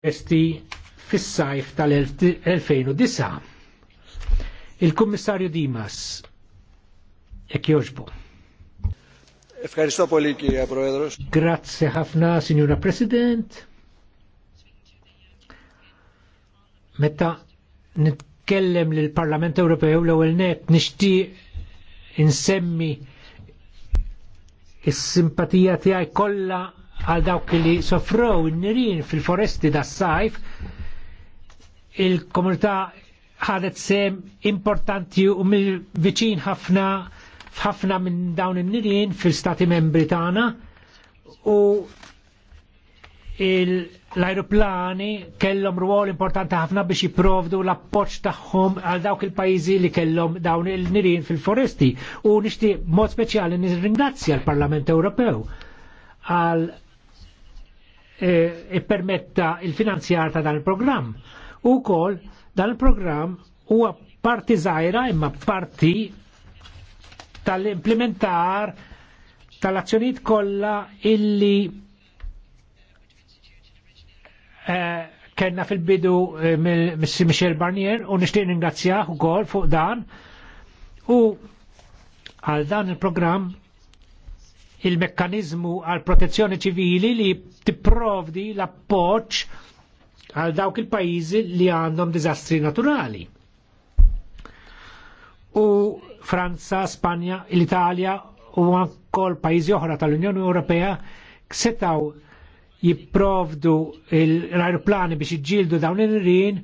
testi fis-sajf tal-2009. Il-Kummissarju Dimas, ek joġbu. Grazie ħafna, Signora President. Meta nitkellem lil parlament Ewropew l-ewwel net nixtieq insemmi is-simpatija tiegħi kollha għal dawk li sofrow n-nirin fil-foresti da' sajf il-komunità ħadet sem importanti u mil viċin ħafna f'ħafna minn dawn n nirin fil-Stati Membri tagħna u l-ajruplani kellhom ruol importanti ħafna biex jipprovdu l-appoġġ tagħhom għal dawk il-pajjiżi li kellhom dawn il nirin fil-foresti u nishti mod speċjali nirringrazzja l-Parlament Ewropew għal Eh, permetta il-finanzjar ta' dan il program U kol dan il program huwa parti zaħira imma parti tal-implementar tal-azzjoniet kollha illi eh, kena fil-bidu eh, michel Barnier u nixtieq u kol fuq dan u għal dan il-programm il-mekkanizmu għal protezzjoni ċivili li tipprovdi l-appoġġ għal dawk il-pajjiżi li għandhom dizastri naturali. U Franza, Spanja, l-Italja u għankol pajjiżi oħra tal-Unjoni Ewropea setaw jipprovdu l-aeroplani biex iġildu dawn il rin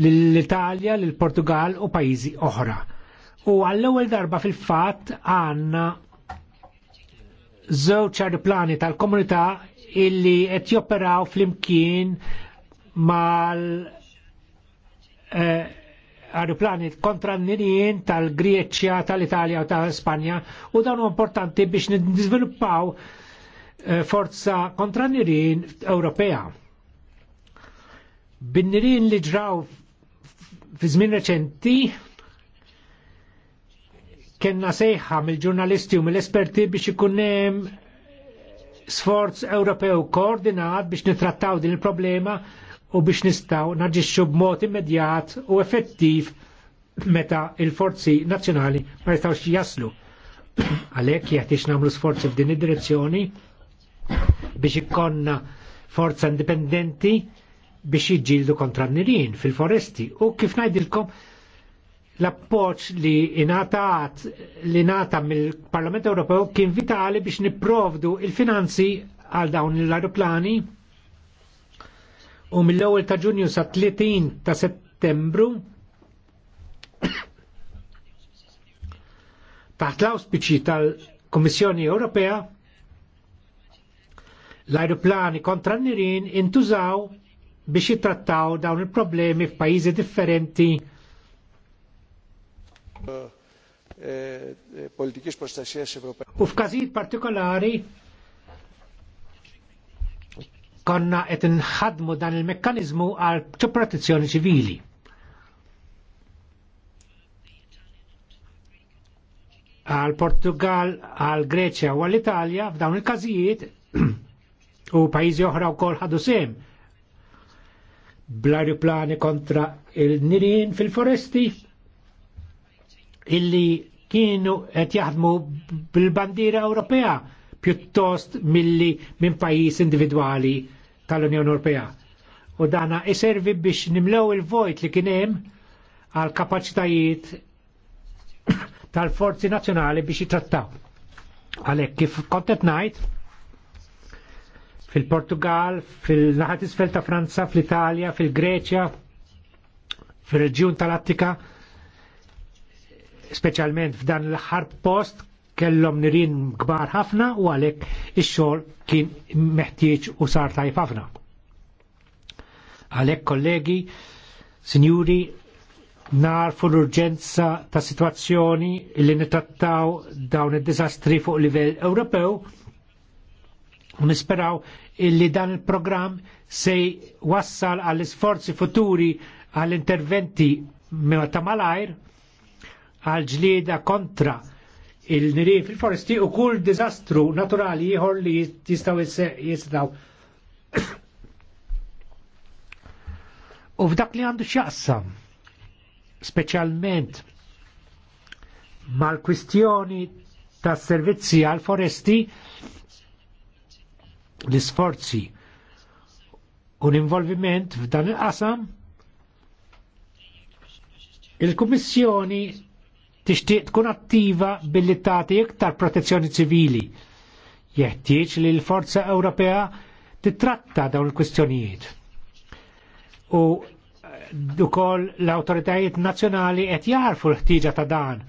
l-Italja, l-Portugal u pajjiżi oħra. U għall-ewwel darba fil-fatt għandna żewġ aeroplani tal-komunità illi qed joperaw flimkien mal eh, aeroplani kontra n-nirien tal-Greċja, tal-Italja u tal-Spanja u dan importanti biex nizviluppaw eh, forza kontra n-nirien Ewropea. Bin-nirien li ġraw fi żmien reċenti Kenna sejħa mill-ġurnalisti u mill-esperti biex ikun hemm sforz Ewropew koordinat biex nitrattaw din il-problema u biex nistaw naġixxu b'mod immedjat u effettiv meta il-forzi nazzjonali ma jistawx jaslu. Għalhekk jeħtiex nagħmlu sforzi f'din id-direzzjoni biex ikonna forza indipendenti biex jiġġieldu kontra n nirin fil-foresti u kif ngħidilkom l-appoċ li inataħat li nata mill-Parlament Ewropew kien vitali biex niprovdu il-finanzi għal dawn l-aeroplani u mill-ewwel ta' Ġunju sa 30 ta' Settembru taħt l-auspiċi tal-Kummissjoni Ewropea l-aeroplani kontra n-nirin intużaw biex jitrattaw dawn il-problemi f'pajjiżi differenti politikix prostaxiex Ewropej. U f'każijiet partikolari konna qed inħadmu dan il-mekkaniżmu għal protezzjoni ċivili. għal Portugal, għal Greċja u għal Italja f'dawn il-każijiet u pajjiżi oħra wkoll ħadu sem bl-aeroplani kontra il-nirien fil-foresti illi kienu qed jaħdmu bil-bandiera Ewropea pjuttost milli minn pajjiż individwali tal-Unjoni Ewropea. U dana iservi biex nimlew il-vojt li kien hemm għal kapaċitajiet tal-forzi nazzjonali biex jitrattaw. Għalhekk kif kontet ngħid fil-Portugal, fil-naħat isfel ta' Franza, fl-Italja, fil-Greċja, fil-Reġjun tal-Attika, specialment f'dan l-ħar post kellhom nirin kbar ħafna u għalhekk il xogħol kien meħtieġ u sar tajf ħafna. Għalhekk kollegi, sinjuri, fu l-urġenza ta' situazzjoni li nitattaw dawn id-disastri fuq livell Ewropew u nisperaw illi dan il-programm se wassal għall-isforzi futuri għall-interventi ta' malajr għal ġlieda kontra il niri fil-foresti u kull dizastru naturali jħor li jistaw jistaw. u f'dak li għandu x'jaqsam, specialment mal-kwistjoni ta' servizzi għal foresti l-isforzi u l-involviment f'dan il-qasam il-Kummissjoni tixtieq tkun attiva billi tagħti iktar protezzjoni ċivili. Jeħtieġ li l-Forza Ewropea titratta dawn il-kwistjonijiet. U ukoll l-awtoritajiet nazzjonali qed jarfu l-ħtieġa ta' dan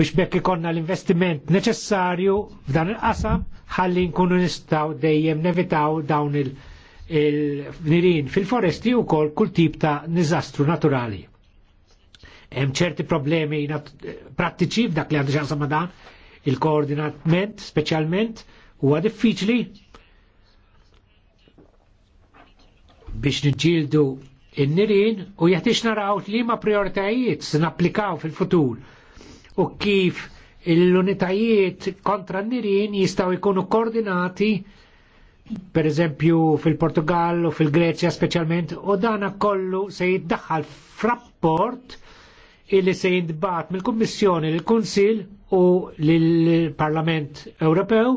biex bekk ikonna l-investiment neċessarju f'dan il-qasam ħalli nkunu nistaw dejjem nevitaw dawn il-nirin il fil-foresti u kol kull tip ta' nizastru naturali. Hemm ċerti problemi eh, prattiċi f'dak li għandu ċansa ma' dan, il-koordinatment speċjalment huwa diffiċli biex niġġieldu in-nirien u jeħtiex naraw li ma prioritajiet se napplikaw fil-futur u kif l-unitajiet kontra n-nirien jistaw ikunu koordinati per eżempju fil-Portugal u fil-Greċja specialment u dana kollu se jiddaħħal frapport illi se jindbat mill-Kummissjoni l kunsil u l-Parlament Ewropew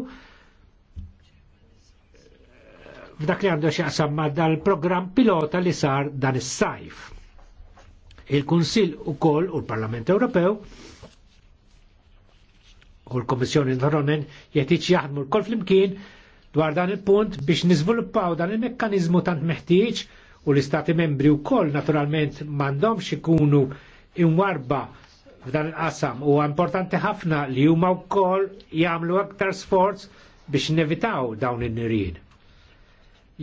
f'dak li għandu xaqsam ma dal-program pilota li sar dan is-sajf. Il-Kunsil u kol u l-Parlament Ewropew u l l Ronen jetiċ jaħdmu l kol fl-imkien dwar dan il-punt biex nizvoluppaw dan il-mekkanizmu tant meħtieġ u l-Istati membri u kol naturalment mandomx ikunu imwarba f'dan il-qasam u importanti ħafna li huma wkoll jagħmlu aktar sforz biex nevitaw dawn in-nirien.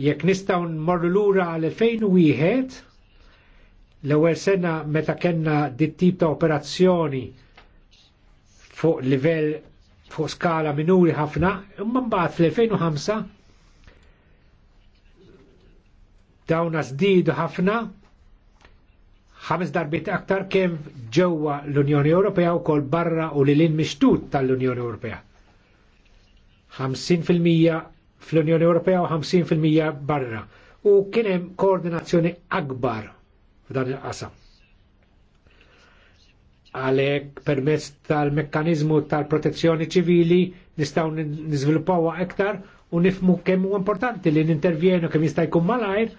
Jekk nistgħu nmorru lura għal wieħed l-ewwel sena meta kellna dit tip ta' operazzjoni fuq livell fuq skala minuri ħafna, imma mbagħad fl-2005 dawna żdiedu ħafna ħames darbit aktar kem ġewwa l-Unjoni Ewropea u kol barra u lilin mixtut tal-Unjoni Ewropea. 50% fl-Unjoni Ewropea u 50% barra. U kien hemm koordinazzjoni akbar f'dan il-qasam. Għalhekk permezz tal-mekkanizmu tal-protezzjoni ċivili nistgħu niżviluppawha aktar u nifmu kemm hu importanti li nintervjenu kemm jista' jkun malajr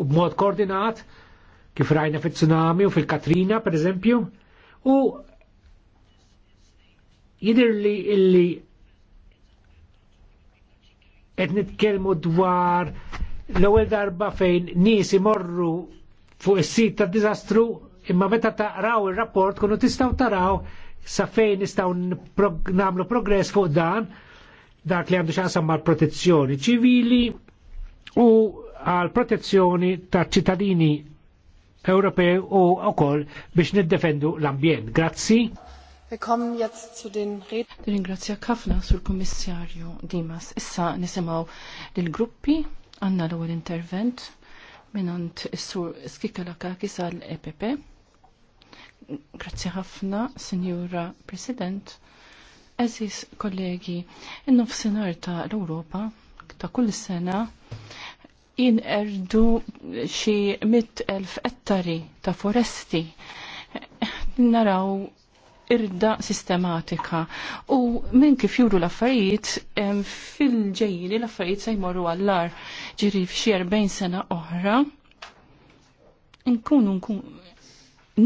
u b'mod koordinat kif rajna fit-tsunami u fil-Katrina, per eżempju, u jidir li illi qed nitkellmu dwar l-ewwel darba fejn nies imorru fuq is-sit ta' diżastru imma meta taqraw ir-rapport kunu tistgħu taraw sa fejn nistgħu nagħmlu progress fuq dan dak li għandu xansam mal protezzjoni ċivili u għal protezzjoni ta' ċittadini Ewropej u wkoll biex niddefendu l-ambjent. Grazzi. Willkommen jetzt zu den Reden. Ringrazzja ħafna sur Kommissarju Dimas. Issa nisimgħu lill gruppi għandna l-ewwel intervent minant sur sur Skikalakaki sal-EPP. Grazzi ħafna, signora President. Eżis kollegi, in-nofsinhar ta' l-Ewropa ta' kull sena erdu xi mit elf ettari ta' foresti. Naraw irda sistematika u minn kif juru l-affarijiet fil-ġejjini l-affarijiet se jmorru għallar ġiri f'xi 40 sena oħra nkunu nkun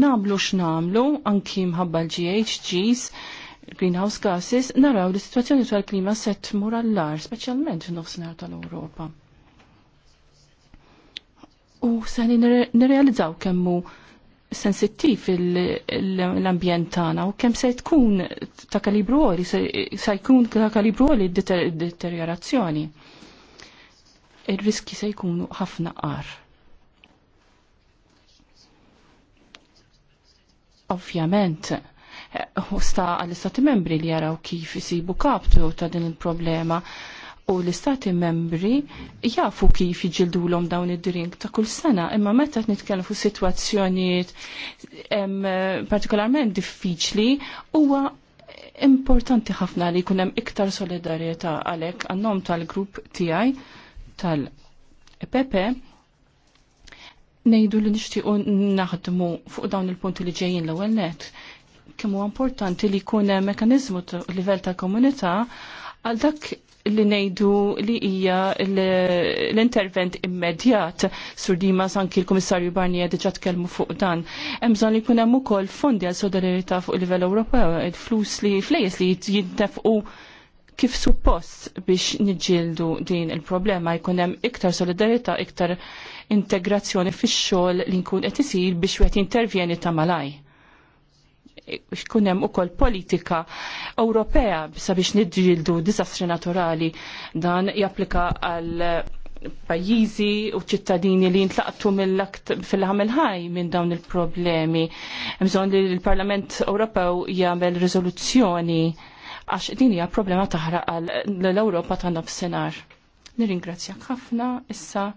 namlu x'namlu anki mħabba l-GHGs greenhouse gases naraw l situazzjoni tal-klima se tmur għallar speċjalment f'nofsinhar tal-Ewropa u sani nirrealizzaw kemmu sensittiv l-ambjent tagħna u kemm se tkun ta' kalibru għoli, se jkun ta' kalibru għoli deteriorazzjoni. Ir-riski se jkunu ħafna qar. Ovvjament, eh, sta għall-istati membri li jaraw kif isibu kaptu ta' din il-problema u l-istati membri jafu kif l-om dawn id-drink ta' kull sena, imma meta t nitkellmu fuq situazzjoniet partikolarment diffiċli huwa importanti ħafna li jkun hemm iktar solidarjetà għalhekk għannom tal-grupp TI tal-PP ngħidu li nixtiequ naħdmu fuq dawn il-punti li ġejjin l-ewwel net kemm huwa importanti li jkun mekanizmu mekanizmu livell ta' komunità għal dak li ngħidu li hija l-intervent immedjat. Sur Dima anki l-Kummissarju Barnier diġà tkellmu fuq dan. Hemm bżonn li jkun hemm ukoll fondi għal solidarità fuq livell Ewropew, il-flus li flejes li jintefqu kif suppost biex niġġieldu din il-problema jkun hemm iktar solidarità, iktar integrazzjoni fix-xogħol li nkun qed isir biex wieħed intervjeni ta' malaj xkun hemm ukoll politika Ewropea sabiex nidġildu disastri naturali dan japplika għal pajjiżi u ċittadini li jintlaqtu fil-ħamil ħaj minn dawn il-problemi. Mżon li l-Parlament Ewropew jagħmel riżoluzzjoni għax din hija problema taħraq għal l-Ewropa ta' nofsinhar. Nirringrazzjak ħafna issa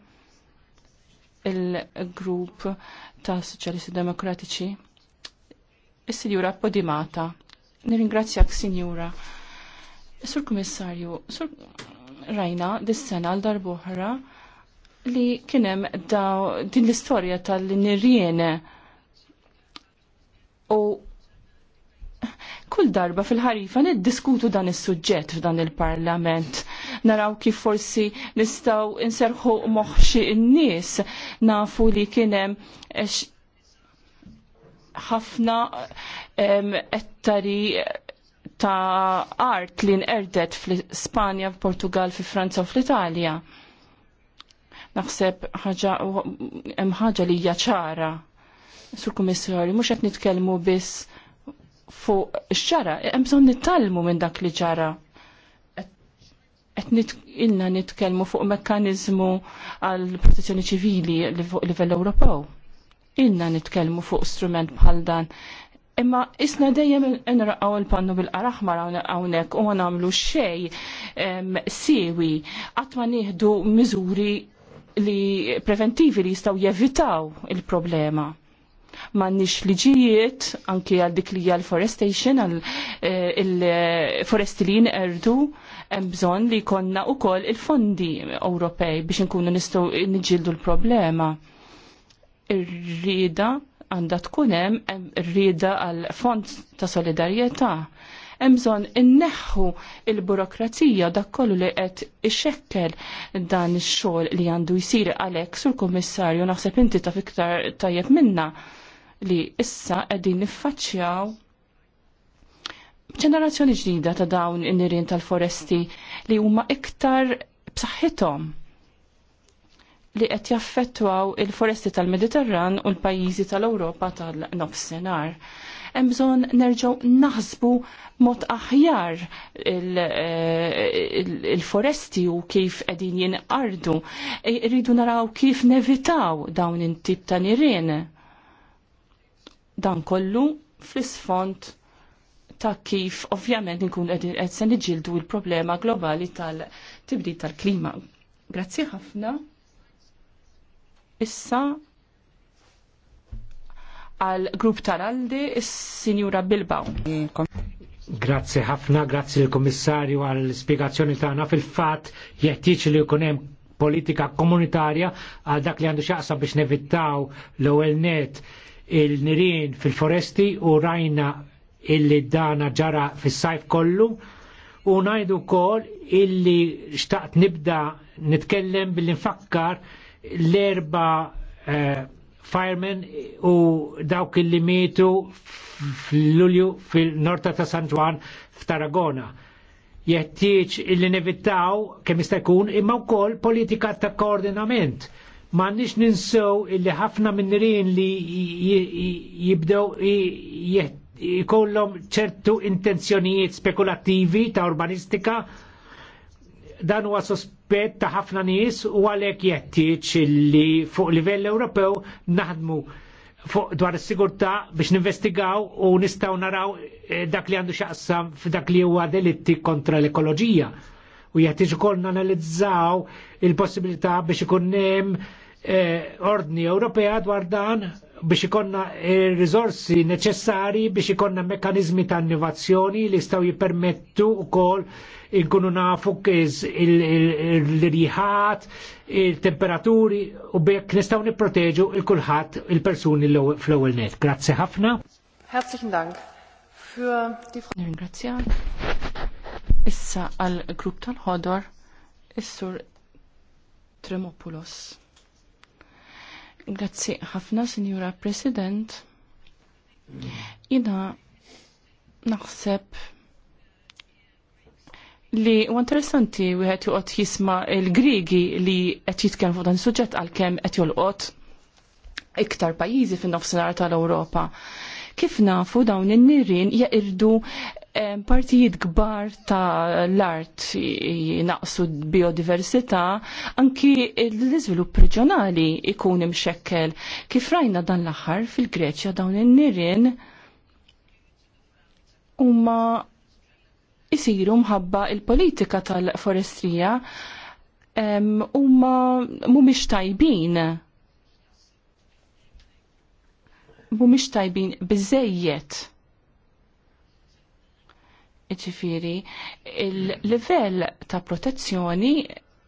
il-grupp ta' Soċjalisti Demokratiċi is-Sinjura Podimata. Nirringrazzjak, Sinjura. Sur Komissarju, Sur Rajna, dis-sena għal darbohra li kienem da din l-istorja tal-nirjene u kull darba fil-ħarifa niddiskutu dan is-suġġett f'dan il-parlament. Naraw kif forsi nistaw inserħu moħxi in-nies nafu li kienem ħafna ettari ta' art li nqerdet fl-Spanja, f'Portugal, fi Franza u fl-Italja. Naħseb hemm ħaġa li hija ċara. Sur Kummissarju, mhux qed nitkellmu biss fuq ix-xara, hemm bżonn nittalmu minn dak li ġara. Qed ilna nitkellmu fuq mekkaniżmu għall protezzjoni ċivili fuq livell Ewropew ilna nitkellmu fuq strument bħal dan. Imma isna dejjem nraqaw il-pannu bil-qaraħmar hawnhekk u ma nagħmlu xejn siewi qatt ma nieħdu miżuri li preventivi li jistgħu jevitaw il-problema. M'għandniex liġijiet anki għal dik li hija l-forestation għal eh, il-foresti li jinqerdu hemm bżonn li jkollna wkoll il-fondi Ewropej biex inkunu nistgħu niġġieldu l-problema ir-rida għandha tkun hemm ir-rida għal fond ta' solidarjetà. Hemm bżonn inneħħu il-burokrazija dak kollu li qed ixekkel dan ix-xogħol li għandu jsir għalhekk sur kummissarju naħseb inti ta' fiktar tajjeb minna li issa qegħdin niffaċċjaw ġenerazzjoni ġdida ta' dawn in-nirien tal-foresti li huma iktar b'saħħithom li qed jaffettwaw il-foresti tal-Mediterran u l-pajjiżi tal-Ewropa tal-nofsinhar. Hemm bżonn nerġgħu naħsbu mod aħjar eh, il-foresti u kif qegħdin jinqardu. E, irridu naraw kif nevitaw dawn in-tip ta' nirien. Dan kollu fl-isfond ta' kif ovvjament nkun qed se niġildu l problema globali tal-tibdil tal-klima. Grazzi ħafna. Issa għal grupp tal-Aldi, is-Sinjura Bilbao. Grazzi ħafna, grazzi l kommissarju għal spiegazzjoni tagħna fil-fatt jeħtieġ li jkun hemm politika komunitarja għal dak li għandu xaqsa biex nevittaw l-ewwel net il-nirien fil-foresti u rajna illi dana ġara fis-sajf kollu u najdu kol illi xtaqt nibda nitkellem billi nfakkar l-erba uh, firemen u dawk li mietu fl-Lulju fil-Norta ta' San Juan f'Taragona. Jettieċ illi inevitaw kemm jista' jkun imma wkoll politika ta' koordinament. Ma nix ninsew illi ħafna minnirin li jibdew jkollhom ċertu intenzjonijiet spekulattivi ta' urbanistika dan huwa sospett ta' ħafna nies u għalhekk jeħtieġ li fuq livell Ewropew naħdmu fuq dwar is-sigurtà biex ninvestigaw u nistgħu naraw eh, dak li għandu x'aqsam f'dak li huwa delitti kontra l-ekoloġija. U jeħtieġ ukoll nanalizzaw il-possibilità biex ikun hemm eh, ordni Ewropea dwar dan biex ikonna il-rizorsi eh, neċessari biex ikonna mekanizmi ta' innovazzjoni li staw jipermettu u kol inkunu nafu kiz il riħat il-temperaturi u bekk nistaw niproteġu il-kulħat il-persuni fl-ewwel net. Grazie ħafna. Herzlichen Dank. Ringrazzjar. Issa għal grupp tal-ħodor, Issur Tremopoulos. Grazzi ħafna, Signora President. Jina naħseb li u interessanti wieħed joqgħod jisma l-Grigi li qed jitkellmu fuq dan is-suġġett għalkemm qed jolqot iktar pajjiżi fin-nofsinhar tal-Ewropa. Kif nafu dawn in-nirien jaqirdu eh, partijiet kbar ta' l-art naqsu biodiversità, anki l-izvilupp reġjonali ikun imxekkel. Kif rajna dan l-aħħar fil-Greċja dawn in-nirien huma isiru mħabba il-politika tal-forestrija huma mhumiex tajbin mhumiex tajbin biżejjed. Iġifieri, il-livell ta' protezzjoni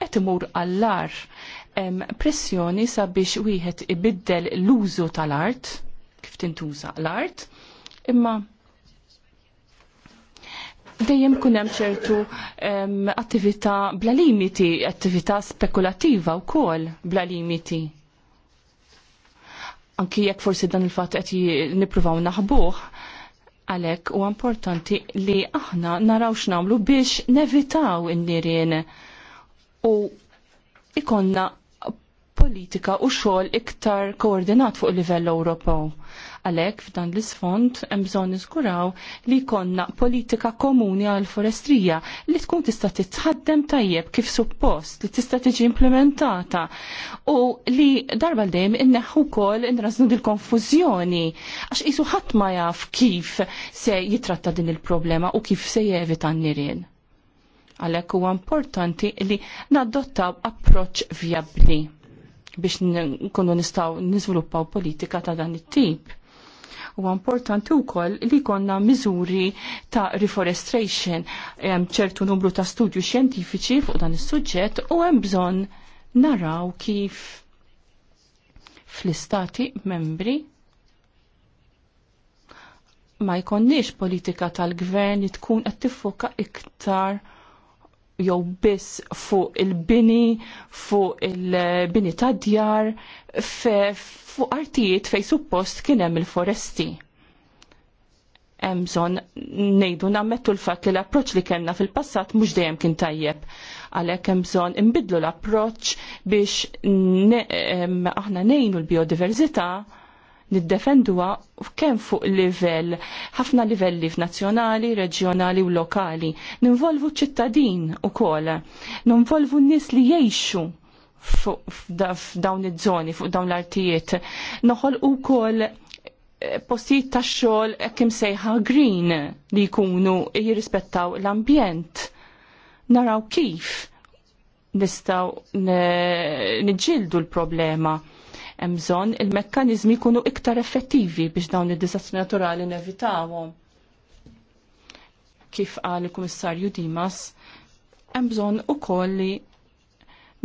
qed imur għall-ar pressjoni sabiex wieħed ibiddel l-użu tal-art kif tintuża l-art, imma dejjem kun hemm ċertu attività bla limiti, attività spekulattiva wkoll bla limiti anki jekk forsi dan il-fatt qed nippruvaw naħbuh, għalek huwa importanti li aħna naraw x'namlu biex nevitaw in-nirien u ikonna politika u xogħol iktar koordinat fuq livell Ewropew. Għalhekk f'dan l-isfond hemm bżonn niżguraw li jkollna politika komuni għall forestrija li tkun tista' titħaddem tajjeb kif suppost li tista' tiġi implementata u li darba l-dejjem inneħħu wkoll inrażnu dil-konfużjoni għax qisu ħadd ma jaf kif se jitratta din il-problema u kif se jevita n-nirien għalhekk huwa importanti li nadottaw approċċ vjabli biex nkunu nistgħu niżviluppaw politika ta' dan it-tip. Huwa importanti wkoll li konna miżuri ta' reforestation, hemm ċertu numru ta' studju xjentifiċi fuq dan is-suġġett u hemm bżonn naraw kif fl-istati membri ma jkonniex politika tal-gvern li tkun qed tiffoka iktar jew biss fuq il-bini, fuq il-bini ta' djar, fuq artijiet fej suppost kien hemm il-foresti. Hemm bżonn ngħidu nammettu l-fatt li l-approċċ li kellna fil-passat mhux dejjem kien tajjeb. Għalhekk hemm bżonn inbidlu l-approċċ biex aħna ngħinu l-biodiversità niddefenduha kemm fuq livell, ħafna livelli f'nazzjonali, reġjonali u lokali. Ninvolvu ċittadin ukoll, ninvolvu n-nies li jgħixu f'dawn iż-żoni, fuq dawn l-artijiet. Noħol ukoll eh, postijiet ta' xogħol kim sejħa green li jkunu jirrispettaw l-ambjent. Naraw kif nistaw nġildu l-problema Hemm bżonn il-mekkaniżmi jkunu iktar effettivi biex dawn id-disastri naturali nevitawhom. Kif qal il-Kummissarju Dimas, hemm bżonn ukoll li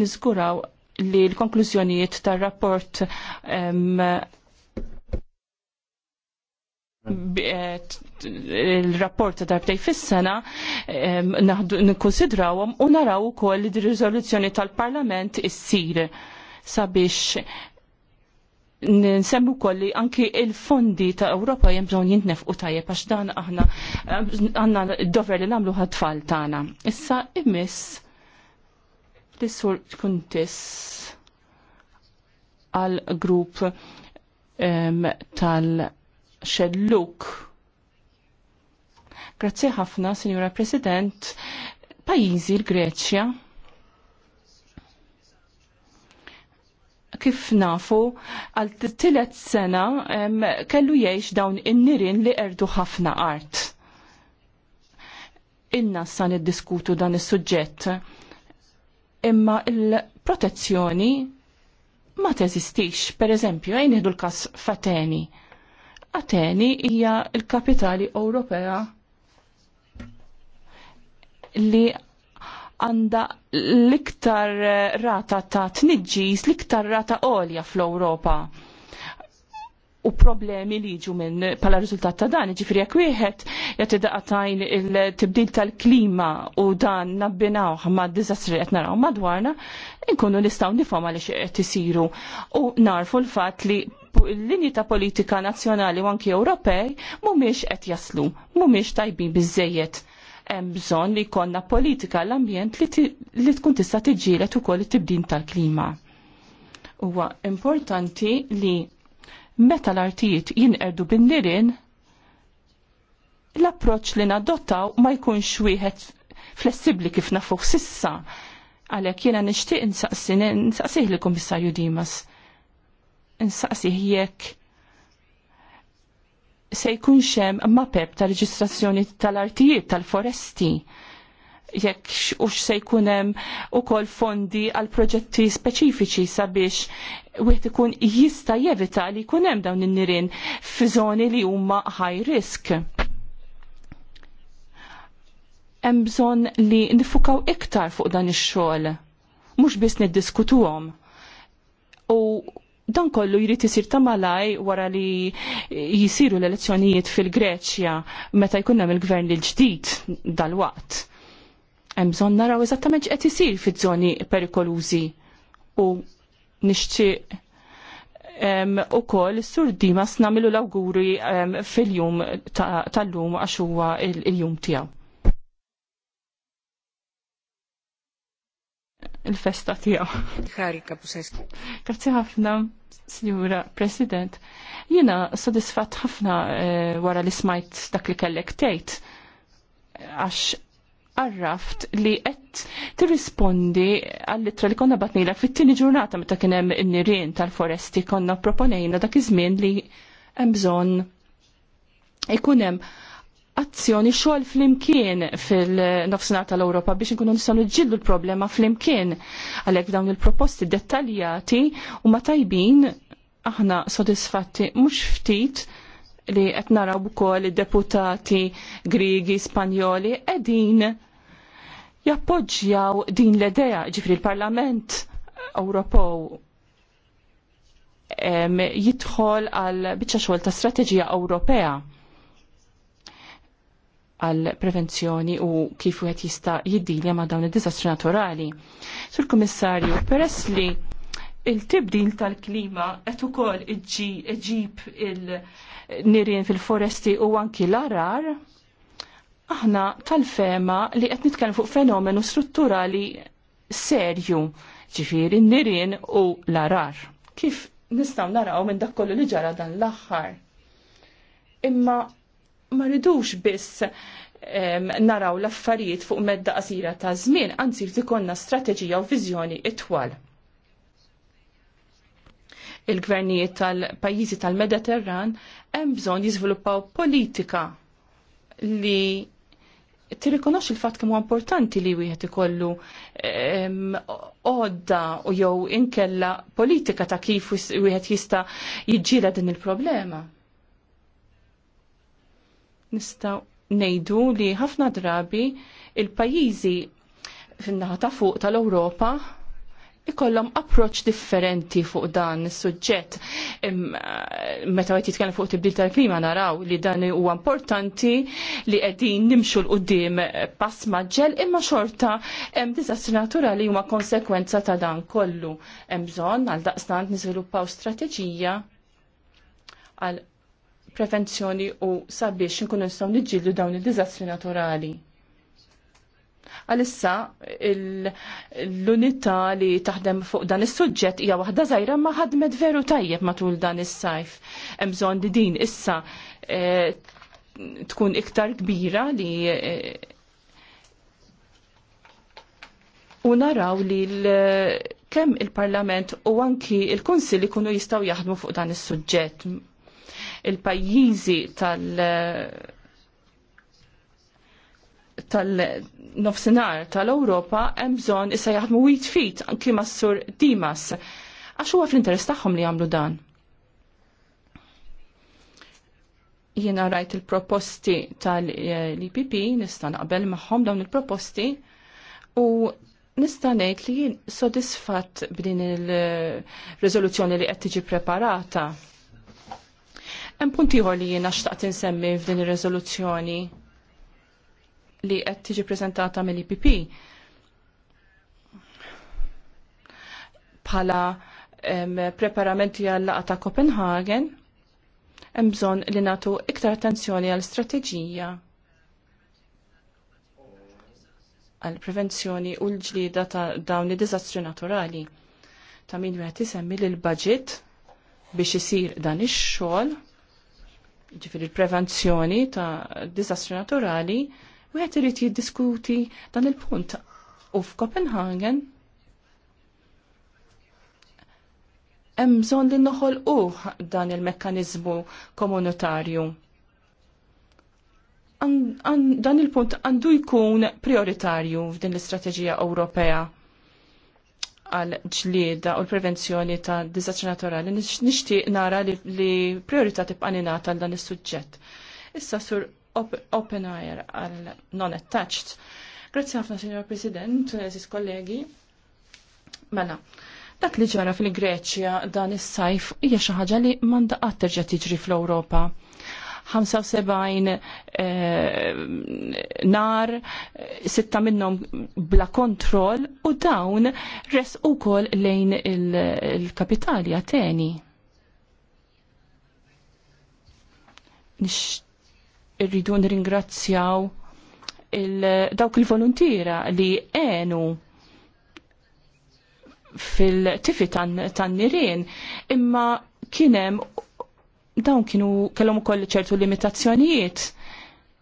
niżguraw li l-konklużjonijiet tar-rapport eh, il-rapport ta' darbtej fis-sena nikkonsidrawhom u naraw ukoll li d-riżoluzzjoni tal-Parlament issir sabiex nsemmu kolli anki il-fondi ta' Ewropa jemżon jintnef jintnefqu tajjeb għax dan aħna għanna dover li namlu ħat-tfal tagħna. Issa imiss li sur kuntis għal grupp tal-xelluk. Grazie ħafna, Signora President, pajizi l-Greċja kif nafu għal tilet sena kellu jgħix dawn in-nirin li erdu ħafna art. Inna sa niddiskutu dan is-suġġett. Imma il-protezzjoni ma teżistix, per eżempju, għajn l-kas fateni. Ateni hija l-kapitali Ewropea li għanda l-iktar eh, rata ta' tniġġis, l-iktar rata għolja fl-Europa. U problemi li ġu minn pala riżultat ta' dan, ġifri jek wieħed jagħti daqatajn il-tibdil tal-klima u dan nabbinaw ma' diżastri qed naraw madwarna, inkunu nistgħu nifhom għaliex qed isiru u narfu l-fatt li l-linji ta' politika nazzjonali u anki Ewropej mhumiex qed jaslu, mhumiex tajbin biżejjed hemm bżonn li jkollna politika l-ambjent li tkun tista' tiġġieled ukoll it-tibdin tal-klima. Huwa importanti li meta l-artijiet jinqerdu bin-nirien l-approċ li nadottaw ma jkunx wieħed flessibli kif nafuq sissa. Għalek nixtieq nishtiq nsaqsih li kummissarju Dimas. Insaqsih jekk se jkun xem mapep ta' reġistrazzjoni tal-artijiet tal-foresti jekk ux se jkun hemm ukoll fondi għal proġetti speċifiċi sabiex wieħed ikun jista' jevita li jkun hemm dawn in-nirien fi żoni li huma high risk. Hemm bżonn li nifukaw iktar fuq dan ix-xogħol, mhux biss niddiskutuhom. U dan kollu jrid isir ta' malaj wara li jisiru l-elezzjonijiet fil-Greċja meta jkun hemm il-gvern il-ġdid dal-waqt. Hemm bżonn naraw eżattament x'qed isir fiż-żoni perikolużi u nixtieq u kol sur Dimas namilu l-auguri fil-jum tal-lum għax huwa il-jum tiegħu. il-festa tiegħu. Ħarika Buseski. Grazzi ħafna, Signora President. Jiena sodisfatt ħafna eh, wara li smajt dak li kellek tgħid għax għarraft li qed tirrispondi għall litra li konna batnila fit-tieni ġurnata meta kien hemm in-nirien tal-foresti konna proponejna dak iż-żmien li hemm bżonn ikun hemm azzjoni xogħol flimkien fil-nofsinhar tal-Ewropa biex nkunu nistanu niġġieldu l-problema flimkien. Għalhekk dawn il-proposti dettaljati huma tajbin aħna sodisfatti mhux ftit li qed naraw ukoll id-deputati Grigi, Spanjoli qegħdin jappoġġjaw din l-idea ġifri l-Parlament Ewropew jidħol għal biċċa xogħol ta' strateġija Ewropea għal prevenzjoni u kif wieħed jista' jiddilja ma' dawn id-diżastri naturali. Sur Kummissarju, peress li il-tibdil tal-klima qed ukoll iġib il-nirien fil-foresti u anki l-arar, aħna tal-fema li qed nitkellem fuq fenomenu strutturali serju, ġifieri n-nirien u l-arar. Kif nistgħu naraw minn dak kollu li ġara dan l-aħħar? Imma ma ridux biss naraw l-affarijiet fuq medda qasira ta' żmien, anzi li konna strateġija u viżjoni itwal. Il-gvernijiet tal-pajjiżi tal-Mediterran hemm bżonn jiżviluppaw politika li tirrikonoxxi il-fatt kemm importanti li wieħed ikollu għodda u jew inkella politika ta' kif wieħed jista' jiġġiela din il-problema nistaw nejdu li ħafna drabi il-pajizi fin-naħa ta' fuq tal-Ewropa ikollhom approċ differenti fuq dan is-suġġett. Eh, meta għajt jitkellem fuq tibdil tal-klima naraw li dan huwa importanti li qegħdin nimxu l qudiem pass maġġel imma xorta hemm diżastri naturali huma konsekwenza ta' dan kollu. Hemm bżonn għal daqstant niżviluppaw strateġija għal prevenzjoni u sabiex nkun nistgħu niġġieldu dawn id-diżastri naturali. Għalissa l-unità li taħdem fuq dan is-suġġett hija waħda żgħira ma ħadmet veru tajjeb matul dan is-sajf. Hemm bżonn li din issa e, tkun iktar kbira li e, u naraw li l il-Parlament u anki il kunsill ikunu jistgħu jaħdmu fuq dan is-suġġett il-pajjiżi tal- tal-nofsinar tal-Ewropa hemm bżonn issa jaħdmu wit fit anki mas-sur Dimas. Għax huwa fl-interess tagħhom li jagħmlu dan. jiena rajt il-proposti tal-IPP, nista' naqbel magħhom dawn il-proposti u nista' ngħid li jien sodisfatt b'din il-riżoluzzjoni eh, li qed tiġi preparata Hemm punt ieħor li jiena xtaqt insemmi f'din ir-riżoluzzjoni li qed tiġi preżentata mill-IPP bħala preparamenti għall laqgħa ta' Copenhagen hemm bżonn li nagħtu iktar attenzjoni għall strateġija għall prevenzjoni u l-ġlida ta' dawn id-diżastri naturali. Ta' min wieħed isemmi lill budget biex isir dan ix-xogħol ġifir il prevenzjoni ta' disastri naturali, u għet irrit jiddiskuti dan il-punt. U f'Kopenhagen, hemm bżonn li noħol uħ dan il-mekkanizmu komunitarju. dan il-punt għandu jkun prioritarju f'din l-istrateġija Ewropea għal ġlieda u l-prevenzjoni ta' diżastri naturali. Nixtieq nara li priorità tibqa' ningħata għal dan is-suġġett. Issa sur open air għal non-attached. Grazzi ħafna, Signor President, eżis kollegi. Mela, dak li ġara fil-Greċja dan is-sajf hija xi ħaġa li m'għandha qatt terġa' tiġri fl-Ewropa. 75 eh, nar, sitta minnhom bla kontroll u dawn res ukoll lejn il-kapitali Ateni. Nix irridu nringrazzjaw dawk il-volontira li għenu fil-tifi tan-nirien, imma kienem dawn kienu kellhom ukoll ċertu limitazzjonijiet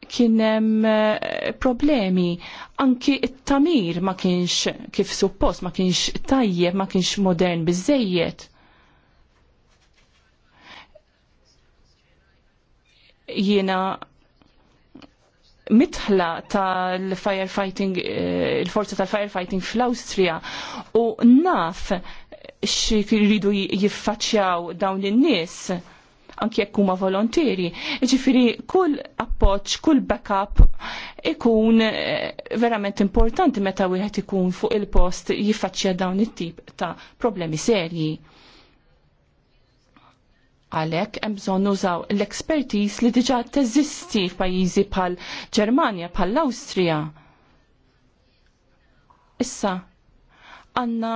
kien hemm eh, problemi. Anki it-tamir ma kienx kif suppost, ma kienx tajjeb, ma kienx modern biżejjed. Jiena mitħla tal-firefighting, eh, il-forza tal-firefighting fl-Austria u naf xi jridu jiffaċċjaw dawn in-nies anki jekk huma volontieri. Ġifieri kull appoġġ, kull backup ikun eh, verament importanti meta wieħed ikun fuq il-post jiffaċċja dawn it-tip ta' problemi serji. Għalhekk hemm bżonn nużaw l-ekspertiż li diġà teżisti f'pajjiżi bħal Ġermanja, bħal Awstrija. Issa għandna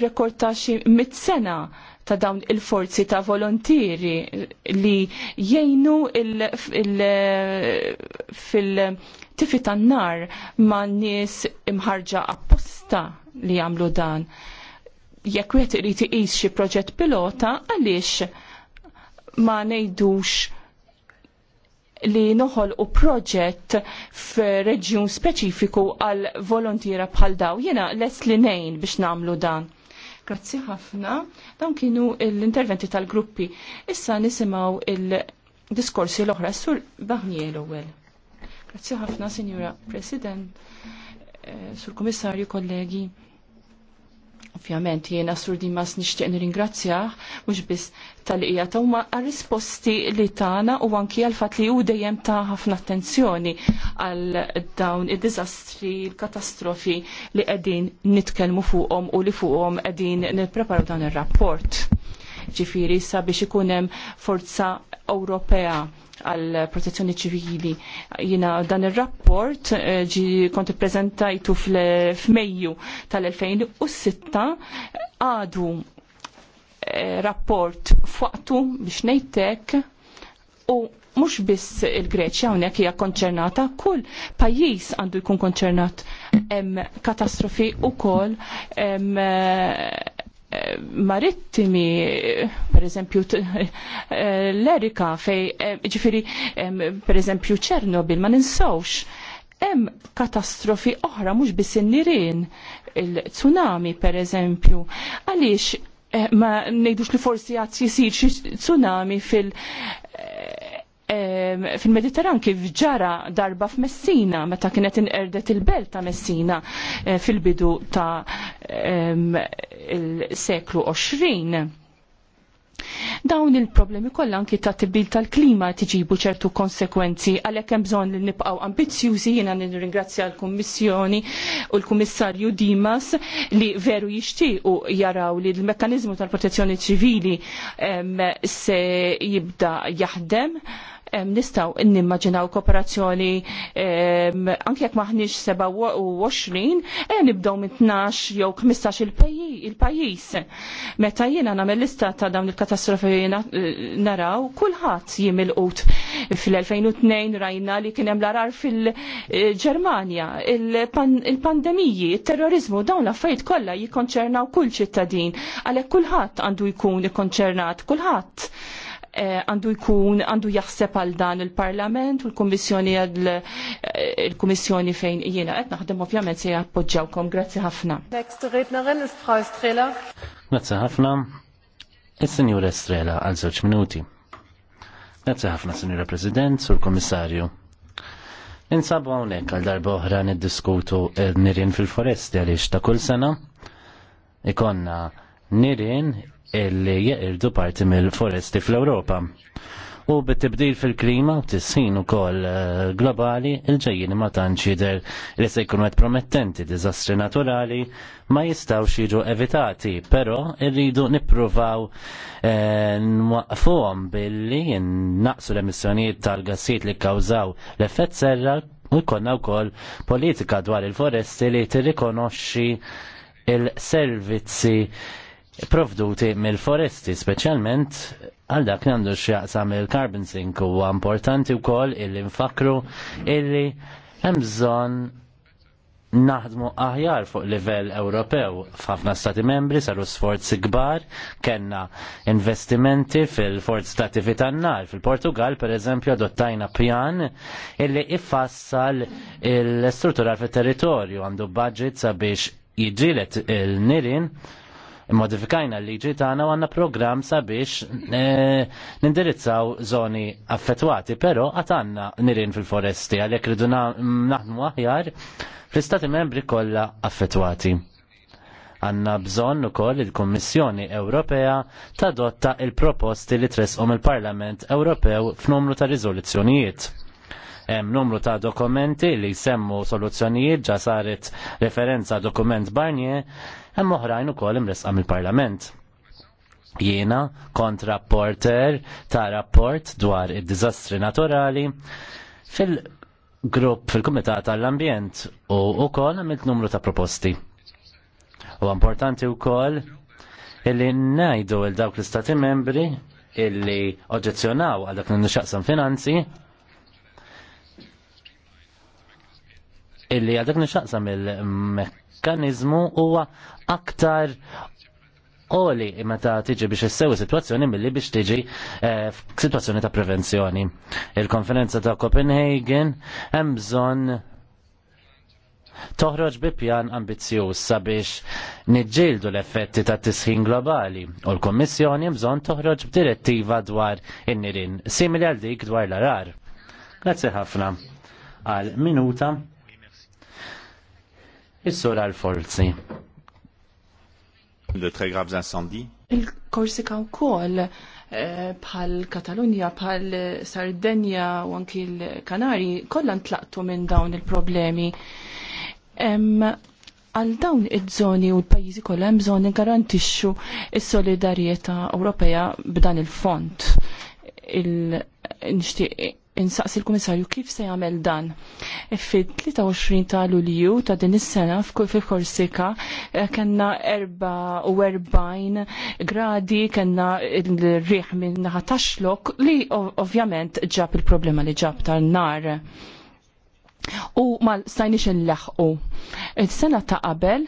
rekord ta' xi mit-sena ta' dawn il-forzi ta' volontieri li jgħinu fil-tifi ta' nar ma' nies imħarġa apposta li jagħmlu dan. Jekk wieħed irid iqis xi proġett pilota, għaliex ma ngħidux li noħol u proġett f'reġjun speċifiku għal volontiera bħal daw. Jena les li nejn biex namlu dan Grazzi ħafna, dawn kienu l-interventi tal-gruppi. Issa nisimaw il-diskorsi l-oħra, sur Baħnie l-ewel. Grazzi ħafna, Signora President, eh, sur Komissarju, kollegi. Ovvjament jiena Sur Dimas nixtieq nirringrazzjah mhux biss tal-qija ta' huma risposti li tagħna u anki għal fatt li hu dejjem ta' ħafna attenzjoni għal dawn id-diżastri, l-katastrofi li qegħdin nitkellmu fuqhom u li fuqhom qegħdin nippreparaw dan ir-rapport. Ġifieri sa biex ikun hemm forza Ewropea għal protezzjoni ċivili. Jina dan il-rapport eh, ġi kont prezentajtu f'Mejju tal-2006 għadu eh, rapport fuqtu biex nejtek u mux biss il-Greċja unek hija konċernata, kull pajjiż għandu jkun konċernat em, katastrofi u kol Eh, marittimi, per eżempju eh, l-Erika fej, eh, ġifiri, per eżempju Ċernobil, ma ninsawx, hemm katastrofi oħra mhux biss in-nirien, il-tsunami per eżempju. Għaliex ma ngħidux li forsi għad jisir xi tsunami fil- fil-Mediterran kif ġara darba f'Messina, meta kienet inqerdet il-belt ta' Messina eh, fil-bidu ta' il-seklu 20. Dawn il-problemi kollha anki ta' tibil tal-klima tiġibu ċertu konsekwenzi għalhekk hemm bżonn li nibqgħu ambizzjużi jiena nirringrazzja l-Kummissjoni u l-Kummissarju Dimas li veru jixtiequ jaraw li l-mekkaniżmu tal-protezzjoni ċivili se jibda jaħdem nistaw nimmaġinaw kooperazzjoni anke jekk maħniex 27 nibdew minn 12 jew 15 il-pajjiż. Meta jiena nagħmel lista ta' dawn il-katastrofi eh, naraw kulħadd jim il-qut. Fil-2002 rajna li kien hemm fil-Ġermanja, il-pandemiji, il-terrorizmu, dawn l kolla kollha jikkonċernaw kull ċittadin, għalhekk kulħadd għandu jkun ikkonċernat, kulħadd Eh, għandu jkun għandu jaħseb għal dan il-Parlament u l-Kummissjoni eh, il-Kummissjoni fejn jiena qed naħdem ovvjament se jappoġġawkom. Grazzi ħafna. Next rednerin is Frau Estrela. Grazzi ħafna. Is-Sinjur Estrela għal żewġ minuti. Grazzi ħafna, Sinjura President, Sur Kommissarju. Insabu hawnhekk għal darba oħra niddiskutu eh, nirien fil-foresti għaliex ta' kull sena ikonna nirien illi jeqirdu parti mill-foresti fl-Ewropa. U bit-tibdil fil-klima u tissin u kol eh, globali il-ġejjini ma tanċider li se jkunu għed promettenti dizastri naturali ma jistaw xieġu evitati, pero irridu nipruvaw eh, nwaqfuhom billi naqsu l-emissjonijiet tal-gassijiet li kawżaw l-effett serra u jkollna wkoll politika dwar il-foresti li tirrikonoxxi il-servizzi provduti mill-foresti, speċjalment għal dak għandu x'jaqsam il-carbon sink huwa importanti wkoll illi infakru illi hemm bżonn naħdmu aħjar fuq livell Ewropew f'ħafna stati membri saru sforzi kbar kellna investimenti fil-forz ta' attività nar. Fil-Portugal, pereżempju adottajna pjan illi iffassal il-strutturar fit-territorju għandu budget sabiex jiġilet il-nirin modifikajna l-liġi tagħna u għandna programm sabiex eh, nindirizzaw zoni affettwati, però għad għandna nirien fil-foresti għalhekk ridu naħdmu aħjar fl-istati membri kollha affettwati. Għanna bżonn ukoll il-Kummissjoni Ewropea tadotta il-proposti li tresqom il-Parlament Ewropew f'numru ta' riżoluzzjonijiet hemm numru ta' dokumenti li jsemmu soluzzjonijiet ġa saret referenza dokument Barnier hemm oħrajn ukoll imresqa mill-Parlament. Jiena kont rapporter ta' rapport dwar id-diżastri naturali fil-grupp fil-Kumitat tal-Ambjent u wkoll għamilt numru ta' proposti. U importanti wkoll illi ngħidu il dawk l-istati membri illi oġġezzjonaw għal dak nixaqsam finanzi illi għal dak nixaqsam il-mekkanizmu huwa aktar oli meta tiġi biex issewi situazzjoni milli biex tiġi eh, situazzjoni ta' prevenzjoni. Il-konferenza ta' Copenhagen hemm bżonn toħroġ bi pjan ambizzjuż sabiex niġġieldu l-effetti ta' tisħin globali u l-Kommissjoni bżonn toħroġ b'direttiva dwar in-nirin, simili għal dik dwar l-arar. Grazzi ħafna. Għal minuta. is sura l forzi. De très graves incendies. Il-Korsika wkoll eh, bħal Katalunja, bħal Sardenja u anki l-Kanari, kollha ntlaqtu minn dawn il-problemi. Għal dawn iż-żoni u l-pajjiżi kollha hemm bżonn garantixxu s-solidarjetà Ewropea b'dan il-fond il-nixtieq insaqsi l-Komissarju kif se jagħmel dan. Fid-23 ta' Lulju ta' din is-sena fil-Korsika eh, kellna 44 gradi, kellna r-riħ minn naħa taxlok li ovvjament ġab il-problema li ġab tan-nar. U ma stajniex nlaħqu. Is-sena ta' qabel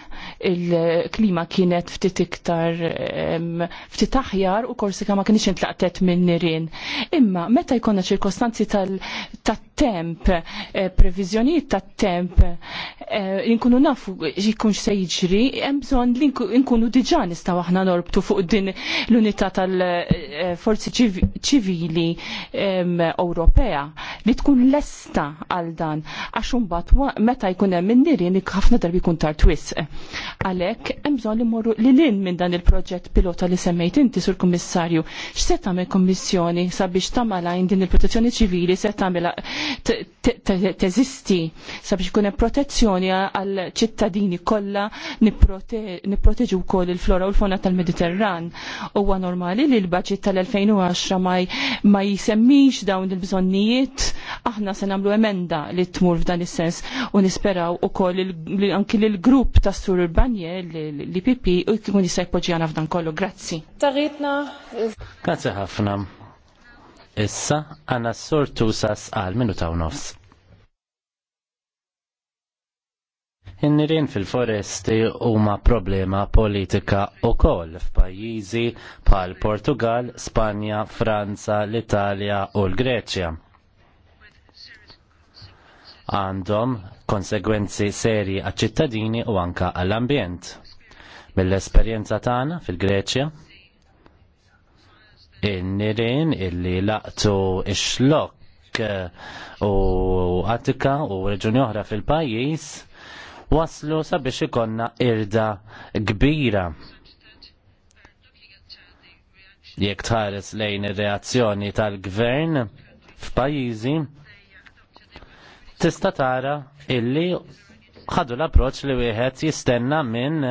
il-klima kienet ftit iktar ftit aħjar u Korsika ma kienx intlaqtet minn nirien. Imma meta jkollna ċirkostanzi tat-temp, eh, previżjonijiet tat-temp, eh, inkunu nafu jkun se jiġri, hemm bżonn li nkunu diġà nistgħu aħna norbtu fuq din l-unità tal-forzi eh, ċivili Ewropea li tkun lesta għal dan għax meta jkun hemm in-nirien ħafna darbi jkun tar twisq. Għalhekk hemm bżonn li morru lil lin minn dan il-proġett pilota li semmejt inti sur kummissarju. X'se tagħmel kummissjoni sabiex tagħmalajn din il-protezzjoni ċivili se tagħmilha teżisti sabiex jkun hemm protezzjoni għal ċittadini kollha nipproteġu wkoll il-flora u l-fona tal-Mediterran. Huwa normali li l-baġit tal-2010 ma jsemmix dawn il-bżonnijiet aħna se nagħmlu emenda li tmur f'dan is-sens business u nisperaw ukoll anki lill grupp tas Sur Urbanje l-IPP u jkun jista' jpoġġjana f'dan kollu. Grazzi. Tarritna. Grazzi ħafna. Issa għandna s-sur tusas għal minu ta' nofs. In-nirien fil-foresti huma problema politika wkoll f'pajjiżi bħal Portugal, Spanja, Franza, l-Italja u l-Greċja għandhom konsegwenzi seri għal-ċittadini u anka għall-ambjent. Mill-esperjenza tagħna fil-Greċja, in-nirin illi laqtu ix eh, u Attika u reġuni oħra fil-pajjiż waslu sabiex ikonna irda kbira jekk tħares lejn ir-reazzjoni tal-gvern f'pajjiżi tista' tara illi ħadu l-approċ li wieħed jistenna minn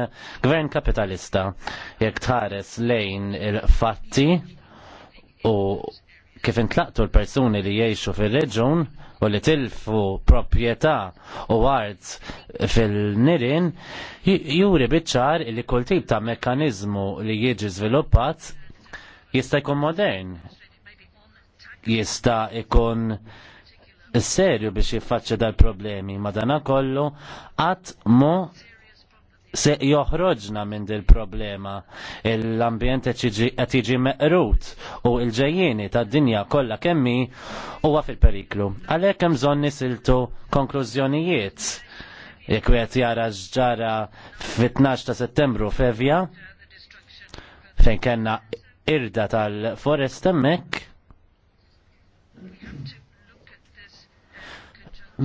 gvern kapitalista. Jekk tħares lejn il-fatti u kif intlaqtu l-persuni li jgħixu fil-reġun u li tilfu proprjetà u art fil-nirin, juri biċċar li kull tip ta' mekkanizmu li jiġi żviluppat jista' jkun modern. Jista' jkun serju biex jiffaċċja dal-problemi, ma dana kollu għat mu se joħroġna minn dil problema l-ambjent qed jiġi meqrut u l-ġejjieni tad-dinja kollha kemmi huwa fil-periklu. Għalhekk hemm bżonn nisiltu konklużjonijiet. Jekk qed jara ġara fit-12 ta' Settembru f'Evja fejn kellna irda tal-forest hemmhekk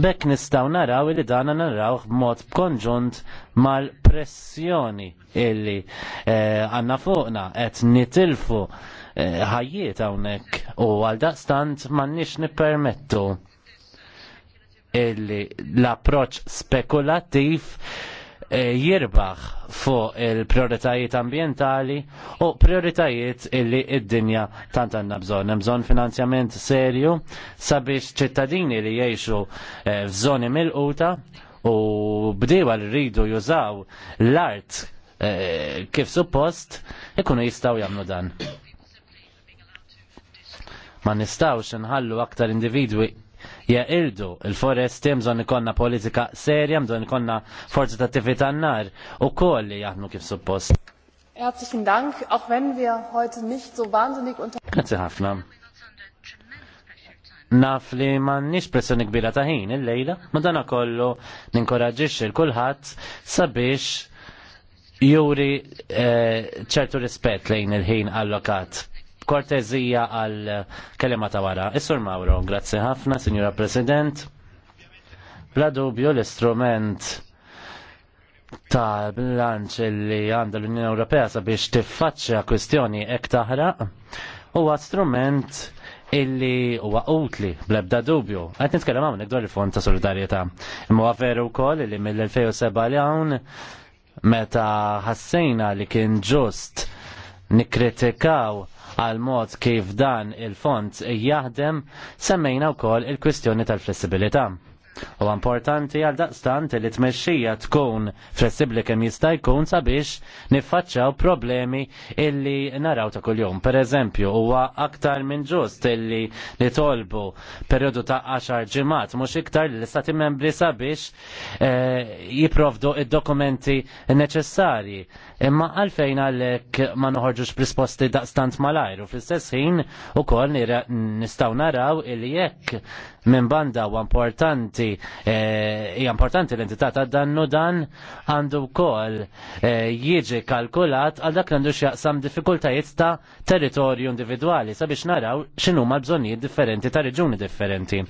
Bekk nistaw naraw li dana naraw b'mod konġunt mal-pressjoni illi eh, għanna e, fuqna qed nitilfu eh, ħajjiet e, hawnhekk u għal daqstant m'għandniex nippermettu illi l-approċ spekulattiv Eh, jirbaħ fuq il-prioritajiet ambientali u prioritajiet illi id-dinja tant bżonn. bżon. bżonn finanzjament serju sabiex ċittadini li jiexu eh, f'żoni mill-quta u bdewa li rridu jużaw l-art eh, kif suppost ikunu jistaw jamlu dan. Ma nistawx nħallu aktar individwi Ja irdu il-foresti, mżon ikonna politika serja, mżon ikonna forzi ta' attività nar u koll li jaħdmu kif suppost. Herzlichen Dank, auch wenn wir heute nicht so wahnsinnig unter... Grazie ħafna. Naf li nix pressjoni kbira ta' ħin il-lejla, ma dana kollu ninkoraġġix il-kulħadd sabiex juri eh, ċertu rispett lejn il-ħin allokat kortezija għal kelema ta' wara. Is-Sur Mauro, grazzi ħafna, Sinjura President. Bla dubju l-istrument ta' bilanċ li għandha l-Unjoni Ewropea sabiex tiffaċċja kwistjoni ek taħra huwa strument illi huwa utli bl-ebda dubju. Qed nitkellem hawnhekk dwar il-Fond ta' Solidarjetà. Imma veru wkoll li mill-2007 li hawn meta ħassejna li kien ġust nikkritikaw għal mod kif dan il-fond jaħdem semmejna wkoll il-kwistjoni tal-flessibilità. U importanti għal daqstant li tmexxija tkun flessibbli kemm jista' jkun sabiex niffaċċaw problemi illi naraw ta' kuljum. Per eżempju, huwa aktar minn ġust illi li tolbu perjodu ta' 10 ġimgħat mhux iktar li l-istati membri sabiex eh, jiprovdu id-dokumenti neċessarji. Imma għalfejn għalek ma noħorġux prisposti daqstant malajru. Fl-istess ħin u nistgħu nistaw naraw illi jekk minn banda u importanti Eh, hija importanti l-entità ta' dannu dan għandu wkoll eh, jiġi kalkulat għal dak għandu x'jaqsam diffikultajiet ta' territorju individwali sabiex naraw x'inhuma bżonnijiet differenti ta' reġuni differenti.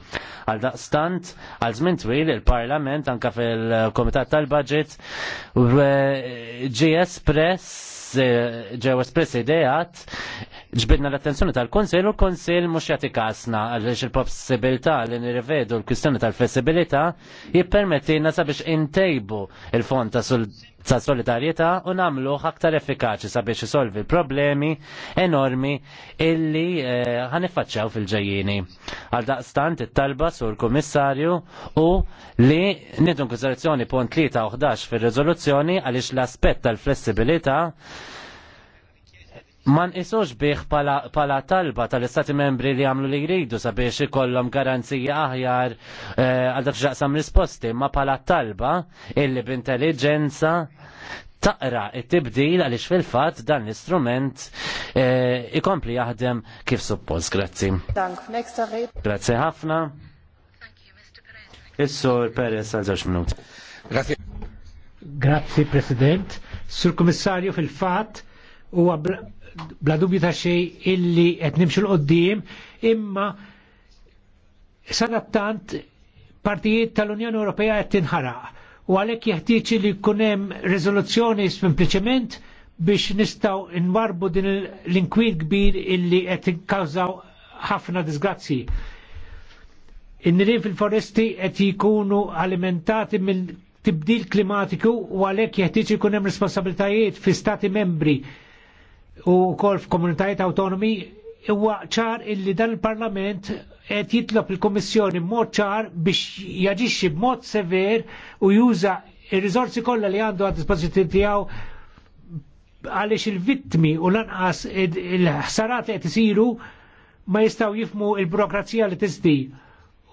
Għal daqstant, għal żmien twil il-Parlament anka fil-Komitat tal-Budget ġie espress eh, ġew espress idejat ġbidna l-attenzjoni tal-Konsil u l-Konsil mux jati kasna għalix il-possibilità li nirvedu l-kwistjoni tal-flessibilità jippermettina sabiex intejbu il-fond ta' solidarieta u namlu aktar effikaċi sabiex jisolvi problemi enormi illi eh, ħanifacċaw fil-ġejjini. Għal daqstant it-talba sur komissarju u li nidun konsiderazzjoni pont 3 u 11 fil-rezoluzzjoni għalix l-aspett tal-flessibilità Man isoġ bih pala, pala talba tal-istati membri li għamlu li jridu sabiex ikollhom garanzija aħjar eh, għal dak ġaqsam risposti, ma pala talba illi b'intelligenza taqra it-tibdil għaliex fil-fatt dan l-istrument eh, ikompli jaħdem kif suppost. Grazzi. Grazzi ħafna. Is-sur Peres għal żewġ minut. Grazzi. Grazzi President. Sur Kummissarju fil-fatt huwa bla dubju ta' xej illi qed nimxu l-qoddim imma sadattant partijiet tal-Unjoni Ewropea qed tinħaraq u għalhekk jeħtieġ li jkun hemm riżoluzzjoni sempliċement biex nistgħu nwarbu din l inkwiet kbir illi qed inkawżaw ħafna disgrazzi. In-nirien fil-foresti qed jkunu alimentati mill tibdil klimatiku u għalhekk jeħtieġ ikun hemm responsabiltajiet fi stati membri u kol f'komunitajiet autonomi huwa ċar illi dan il-Parlament qed jitlob il-Kommissjoni mod ċar biex jaġixxi b'mod sever u juża ir-riżorsi kollha li għandu għad dispożizzjoni tiegħu għaliex il-vittmi u lanqas il-ħsarat qed isiru ma jistgħu jifmu il-burokrazija li tiżdi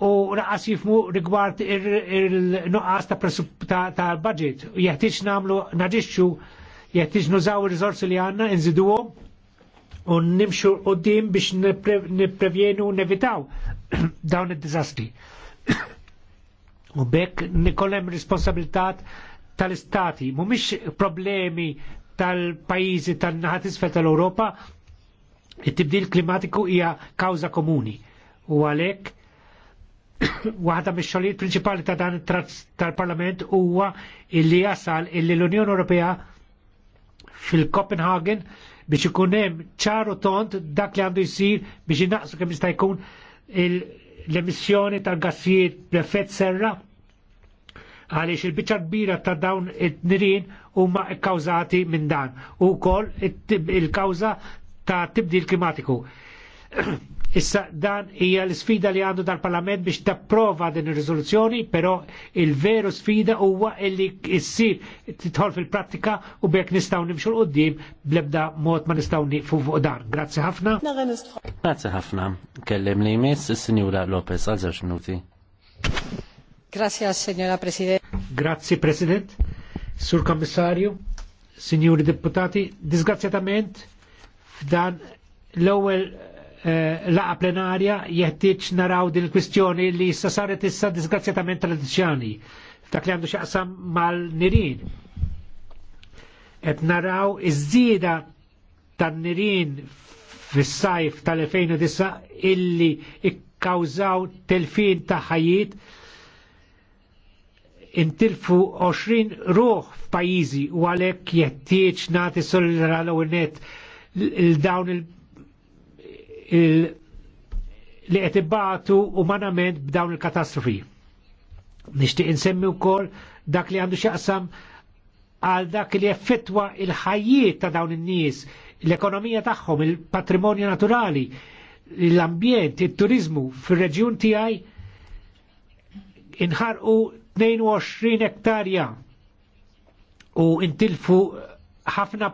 u naqas jifmu rigward il-nuqqas ta' budget u jeħtieġ nagħmlu naġixxu jekk iġnużaw il-rizorsi li għandna inżiduhom u nimxu dim biex nipprevjenu u nevitaw dawn il dizastri u bekk nikollem responsabilitat tal-istati, miex problemi tal-pajjiżi tal naħat tal europa it-tibdil klimatiku hija kawza komuni. U għalek, waħda mis xogħlijiet prinċipali ta' dan tal-Parlament huwa illi jasal illi l-Unjoni Ewropea fil-Copenhagen biex ikun hemm ċaru tont dak li għandu jsir biex inaqsu kemm jista' jkun l-emissjoni tal-gassijiet bl-effett serra għaliex il-biċċa kbira ta' dawn it-nirien huma kkawżati minn dan u wkoll il-kawża ta' tibdil klimatiku. Issa dan hija l-sfida li għandu dal-Parlament biex tapprova din ir-riżoluzzjoni, però il-veru sfida huwa li issir titħol fil-prattika u bekk nistgħu nimxu l qudiem bl-ebda mod ma nistgħu nieqfu fuq dan. Grazzi ħafna. Grazzi ħafna. Kellem li jmiss is-Sinjura Lopez għal żewġ minuti. Grazzi, Signora President. Grazzi, President. Sur Kommissarju, Sinjuri Deputati, disgrazzjatament f'dan l-ewwel Eh, laqa plenarja jeħtieġ naraw din il-kwistjoni li issa saret issa disgrazzjatament tradizzjoni f'dak li għandu xaqsam mal-nirin. Et naraw iż-żieda tan-nirin fis-sajf tal-2009 illi ikkawżaw telfin ta' ħajjiet intilfu 20 ruħ f'pajjiżi u għalhekk jeħtieġ nagħti solidarità l-ewwel il-dawn il- li qed ibbagħtu umanament b'dawn il-katastrofi. Nixtieq insemmi wkoll dak li għandu x'jaqsam għal dak li effettwa il-ħajjiet ta' dawn in-nies, l-ekonomija tagħhom, il-patrimonju naturali, l-ambjent, it turizmu fir reġjun tiegħi inħarqu 22 hektarja u intilfu ħafna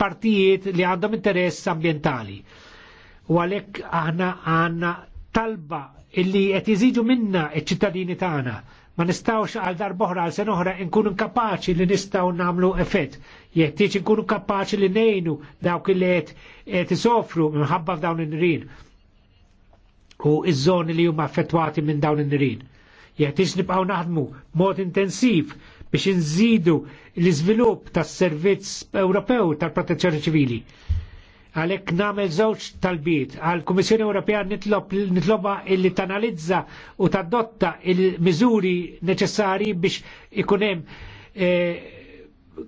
partijiet li għandhom interess ambientali. U għalhekk aħna għandna talba illi qed iżidu minna iċ-ċittadini tagħna. Ma nistawx għal darboħra għal sen oħra nkunu kapaċi li nistgħu nagħmlu effett. Jeħtieġ inkunu kapaċi li ngħinu dawk li qed isofru minħabba f'dawn in-nirien u iż-żoni li huma affettwati minn dawn in-nirien. Jeħtieġ nibqgħu naħdmu mod intensiv biex inżidu l-iżvilupp tas-servizz Ewropew tal-protezzjoni ċivili. Għalhekk nagħmel żewġ talbiet għall-Kummissjoni Ewropea nitloba illi tanalizza u tadotta il-miżuri neċessari biex ikun hemm eh,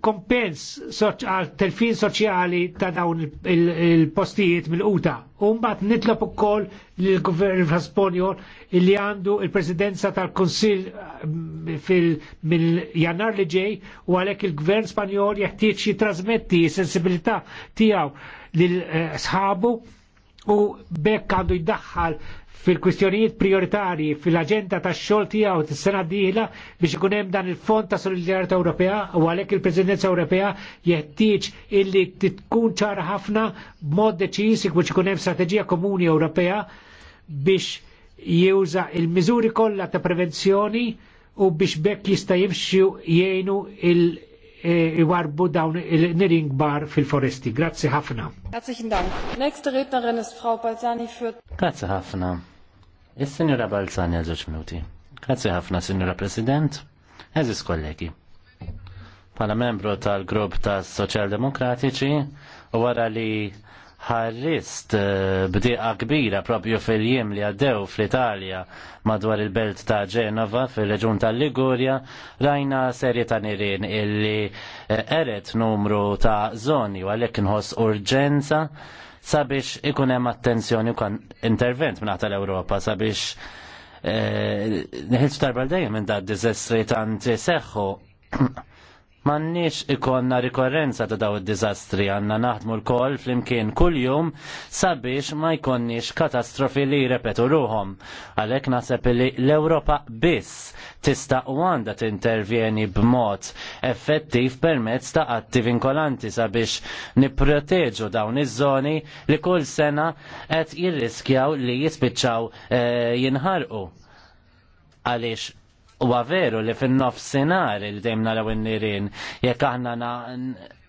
kompens għal telfin soċjali ta' dawn il-postijiet mill-quta. Umbat nitlob ukoll lill-Gvern Spanjol li għandu il-Presidenza tal-Konsil eh, mill-Jannar li ġej u għalhekk il-Gvern Spanjol jeħtieġ jitrasmetti s-sensibilità tiegħu lil sħabu u bekk għandu jdaħħal fil-kwistjonijiet prioritarji fil-agenda ta' xol tiegħu t sena d biex ikun hemm dan il-Fond ta' Solidarjetà Ewropea u għalhekk il-Presidenza Ewropea jeħtieġ illi tkun ċara ħafna b'mod deċiż biex ikun hemm strateġija komuni Ewropea biex jewza il mizuri kollha ta' prevenzjoni u biex bekk jista' jimxu jgħinu il- E, iwarbu dawn il-nirin bar fil-foresti. Grazzi ħafna. Herzlichen Dank. Nächste Rednerin ist Frau Balzani für... Grazzi ħafna. Is-Sinjora Balzani għazux minuti. Grazzi ħafna, Sinjora President. Eżis kollegi. Pala membru tal-grupp ta' Soċjaldemokratiċi u wara li ħarrist eh, bdiqa kbira propju fil-jiem li għaddew fl-Italja madwar il-belt ta' Ġenova fil-reġun tal Ligurja rajna serje ta' nirin illi eh, eret numru ta' zoni u għalek nħoss urġenza sabiex ikun hemm attenzjoni u kan intervent minn tal-Ewropa sabiex eh, neħilsu darba dejjem minn da' dizestri tant seħħu Mannix ikonna rikorrenza ta' daw id-dizastri għanna naħdmu l-kol fl-imkien kull-jum sabiex ma jkonniex katastrofi li jrepetu ruħom. Għalek naħseb li l-Europa biss tista' u għanda t-intervjeni b'mod effettiv permezz ta' atti vinkolanti sabiex niproteġu dawn iż-żoni li kull sena qed jirriskjaw li jispiċċaw e, jinħarqu. Għaliex huwa veru li fin-nofsinhar li dejjem naraw in-nirien jekk aħna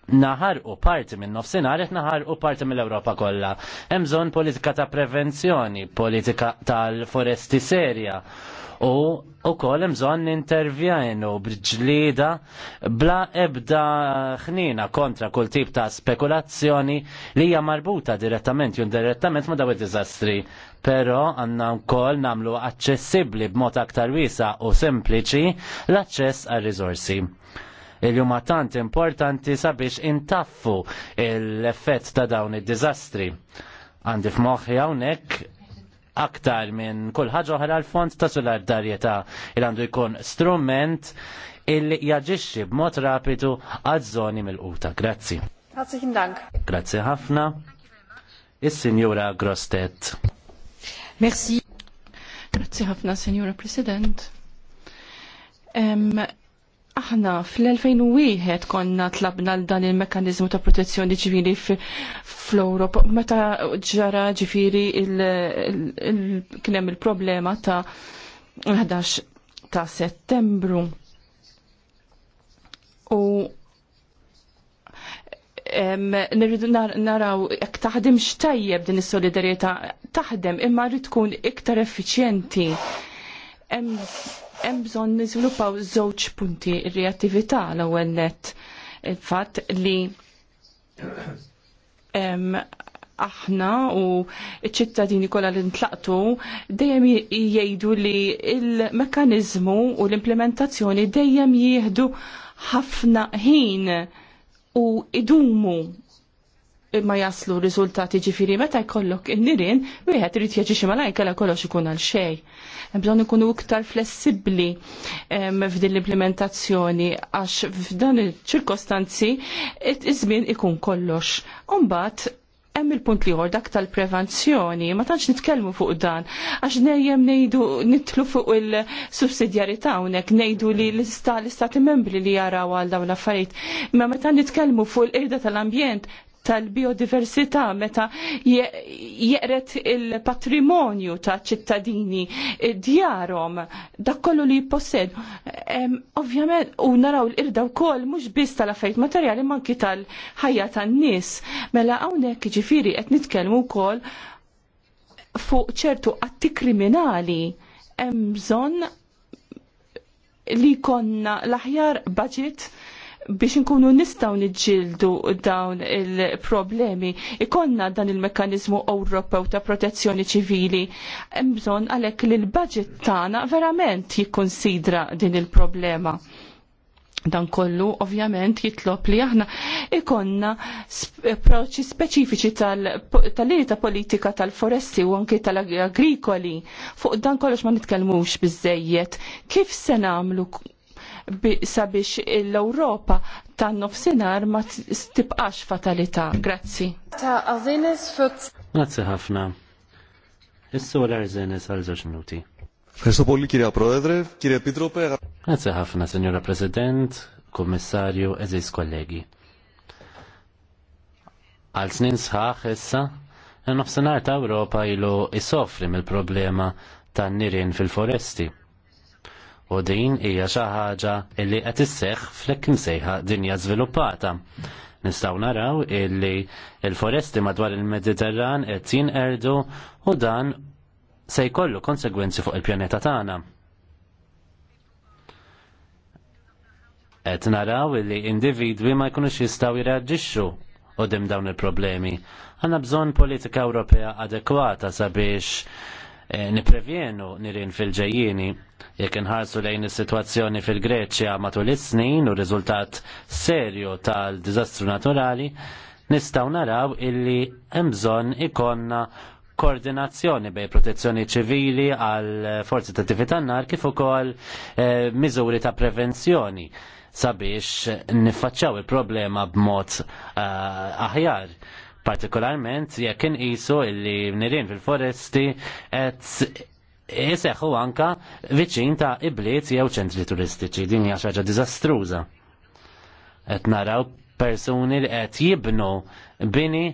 naħarqu parti minn nofsinhar qed naħarqu parti mill-Ewropa kollha. Hemm bżonn politika ta' prevenzjoni, politika tal-foresti serja u ukoll hemm bżonn intervjenu bġlida bla ebda ħnina kontra kull tip ta' spekulazzjoni li hija marbuta direttament jew indirettament ma' daw id-diżastri pero għanna wkoll namlu aċċessibbli b'mod aktar wiesa u sempliċi l-aċċess għal riżorsi il-jum tant importanti sabiex intaffu l-effett ta' dawn id-dizastri. Għandi f'moħħi hawnhekk aktar minn kull ħaġa oħra l-fond ta' solidarjetà il għandu jkun strument illi jaġixxi b'mod rapidu għaż-żoni mill-quta. Grazzi. Grazie. Grazzi ħafna. Is-Sinjura Grostet. Merci. Grazzi ħafna, Senjora President. Um, Aħna fl-2001 konna tlabna l-dan il-mekanizmu ta' protezzjoni ċivili fl-Europa. Meta ġara ġifiri il-knem il-problema ta' 11 ta' settembru. U nirridu naraw jekk taħdem xtajjeb din is-solidarjetà taħdem imma rrid tkun iktar effiċjenti. Hemm bżonn niżviluppaw żewġ punti r-reattività l-ewwel nett il-fatt li aħna u ċittadini kolla li ntlaqtu dejjem jgħidu li il mekkaniżmu u l-implementazzjoni dejjem jieħdu ħafna ħin u idumu ma jaslu riżultati ġifiri meta jkollok in-nirien, wieħed irid xi malaj kella kollox ikun għal xejn. Bżonn ikunu iktar flessibbli f'din l-implementazzjoni għax f'dan il-ċirkostanzi iż-żmien ikun kollox. Umbagħad hemm il-punt liħor dak tal-prevenzjoni, ma tantx nitkellmu fuq dan, għax nejjem nejdu nitlu fuq il-subsidjarità hawnhekk nejdu li l-istati membri li jaraw għal dawn l-affarijiet. Ma meta nitkellmu fuq il-qirda tal-ambjent, tal-biodiversità meta jeqret il-patrimonju ta' ċittadini eh, djarhom dak kollu li jippossed. Ovvjament u naraw l-irda wkoll mhux biss tal affajt materjali manki tal-ħajja tan-nies. Mela hawnhekk jiġifieri qed nitkellmu wkoll fuq ċertu atti kriminali hemm bżonn li konna l-aħjar budget biex nkunu nistaw nġildu dawn il-problemi. Ikonna dan il mekanizmu Ewropew ta' protezzjoni ċivili. mżon għalek li l-budget tagħna verament jikkonsidra din il-problema. Dan kollu ovvjament jitlob li aħna ikonna approċċi speċifiċi tal-lini ta' politika tal-foresti u anki tal-agrikoli. Fuq dan kollox ma nitkellmux bizzejiet. Kif se nagħmlu sabiex l-Ewropa tan nofsinhar ma tibqax fatalità. Grazzi. Grazzi ħafna. Is-sur Arzenes għal żewġ minuti. Ευχαριστώ πολύ kirja Πρόεδρε, kirja pitrope. Grazzi ħafna, Signora President, Kommissarju, eżis kollegi. Għal snin sħaħ issa, n nofsinhar ta' Ewropa ilu isofri mill-problema ta' nirin fil-foresti u din hija xi ħaġa li qed isseħħ flek imsejħa dinja żviluppata. Nistgħu naraw illi il-foresti madwar il-Mediterran qed jinqerdu u dan se jkollu konsegwenzi fuq il-pjaneta tagħna. Qed naraw illi individwi ma jkunux jistgħu jirraġixxu u dim dawn il-problemi. Għanna bżon politika Ewropea adekwata sabiex Eh, niprevjenu nirin fil-ġejjini jekk inħarsu lejn is-sitwazzjoni fil-Greċja matul is-snin u riżultat serju tal-diżastru naturali, nistgħu naraw illi hemm bżonn ikonna koordinazzjoni bej protezzjoni ċivili għal forzi ta' attività nar kif ukoll eh, miżuri ta' prevenzjoni sabiex niffaċċaw il-problema b'mod eh, aħjar partikolarment jekk inqisu illi nirien fil-foresti qed jiseħħu anka viċin ta' ibliet jew ċentri turistiċi. Din hija xi ħaġa diżastruża. Qed naraw persuni li qed jibnu bini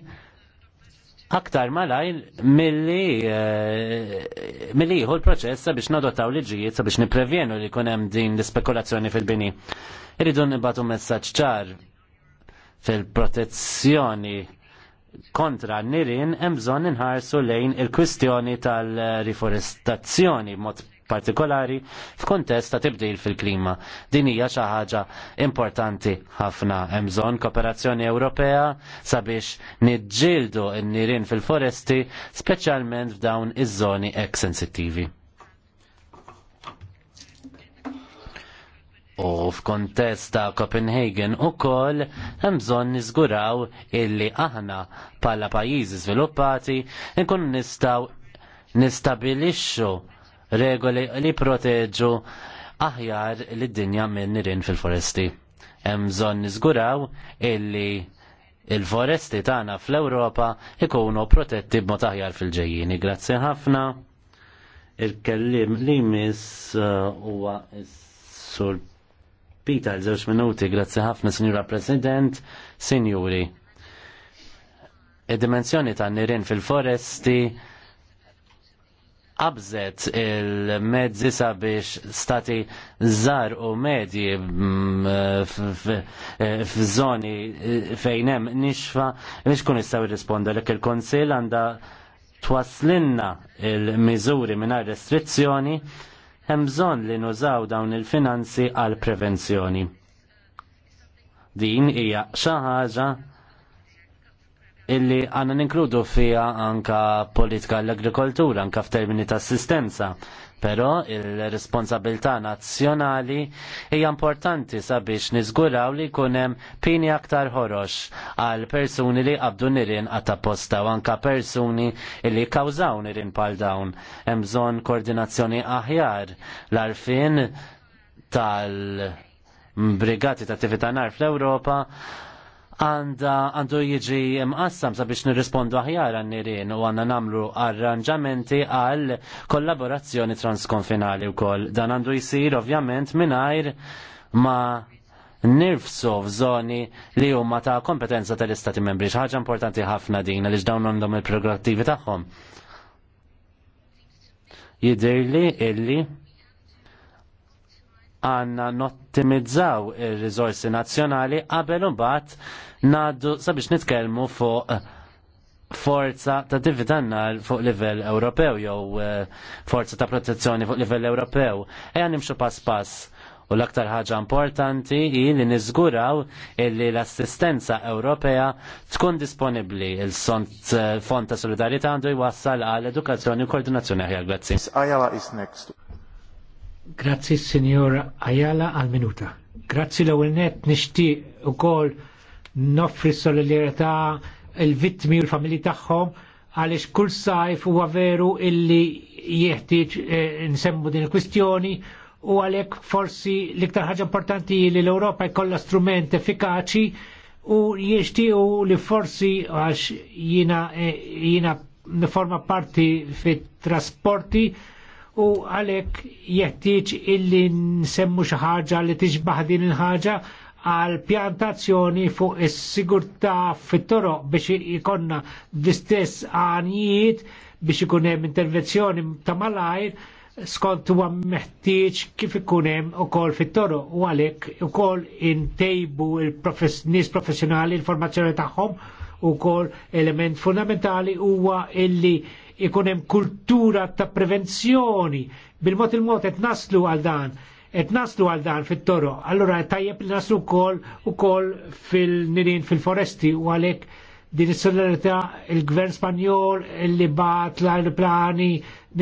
aktar malajl milli eh, milli jieħu l-proċess sabiex nadottaw liġijiet sabiex niprevjenu li jkun hemm din l-ispekulazzjoni fil-bini. Irridu nibatu messaġġ ċar fil-protezzjoni kontra n-nirin hemm bżonn inħarsu lejn il-kwistjoni tal-riforestazzjoni mod partikolari f'kuntest ta' tibdil fil-klima. Din hija xi ħaġa importanti ħafna hemm bżonn kooperazzjoni Ewropea sabiex niġġieldu n-nirien fil-foresti speċjalment f'dawn iż-żoni ek sensittivi. U f'kontest ta' Copenhagen u kol bżonn niżguraw illi aħna pala pajjiżi sviluppati nkunu nistaw nistabilixxu regoli li proteġu aħjar li dinja minn nirien fil-foresti. Hemm bżonn niżguraw illi il-foresti tagħna fl-Ewropa ikunu protetti b'mod aħjar fil-ġejjini. Grazzi ħafna. Il-kellim li miss uh, huwa uh, sur Peter, żewġ minuti, grazzi ħafna, Sinjura President, Sinjuri. Id-dimensjoni ta' nirin fil-foresti abżet il-mezzi sabiex stati zar u medji mm, f'żoni fejn hemm nixfa biex kun jistgħu jirrispondu l il-Konsil għandha twaslinna il-miżuri mingħajr restrizzjoni hemm bżonn li nużaw dawn il-finanzi għal prevenzjoni. Din hija xi ħaġa illi għanna ninkludu fija anka politika l-agrikoltura, anka f'termini ta' assistenza. Però il-responsabilità nazzjonali hija importanti sabiex niżguraw li jkun hemm pini aktar ħorox għal persuni li qabdu nirien għata posta u anka persuni li kawżaw nirien pal dawn. Hemm bżonn koordinazzjoni aħjar l-arfin tal-brigati ta' attività nar fl-Ewropa għandu jiġi mqassam sabiex nirrispondu aħjar għan u għanna namlu arranġamenti għal kollaborazzjoni transkonfinali u koll. Dan għandu jisir ovvjament minnajr ma nirfsu f'żoni li huma ta' kompetenza tal-Istati Membri. ħaġa importanti ħafna din għaliex dawn għandhom il-prerogattivi tagħhom. Jidirli illi għanna nottimizzaw il-rizorsi nazjonali qabel bat naddu sabiex nitkellmu fuq forza ta' dividanna fuq livell Ewropew jew eh, forza ta' protezzjoni fuq livell Ewropew. għan nimxu pass pass. U l-aktar ħaġa importanti hi li niżguraw illi l-assistenza Ewropea tkun disponibbli il eh, fond ta' solidarità għandu jwassal għal edukazzjoni u koordinazzjoni ħjar grazzi. Grazzi Signor Ayala għal minuta. Grazzi l-ewwel net u kol noffri solidarietà il-vittmi u l-familji tagħhom għaliex kull sajf u veru illi jeħtieġ eh, nsemmu din il-kwistjoni u għalhekk forsi l-iktar ħaġa importanti li l-Ewropa jkollha strument effikaċi u u li forsi għax jina eh, jina forma parti fit trasporti u għalek jettiċ illi nsemmu xi ħaġa li tiġbaħ din il-ħaġa għal pjantazzjoni fuq is-sigurtà fit-toroq biex ikonna l-istess għanijiet biex ikun hemm intervenzjoni ta' malajr skont huwa meħtieġ kif ikun hemm ukoll fit-toroq u għalhekk ukoll intejbu il-nies professjonali l-formazzjoni tagħhom ukoll element fundamentali huwa illi ikun hemm kultura ta' prevenzjoni bil-mod il-mod qed naslu għal dan qed naslu għal dan fit-toro. Allura tajjeb li naslu wkoll ukoll fil-nirien fil-foresti u għalhekk din is-solidarità il-Gvern Spanjol li bat l-aeroplani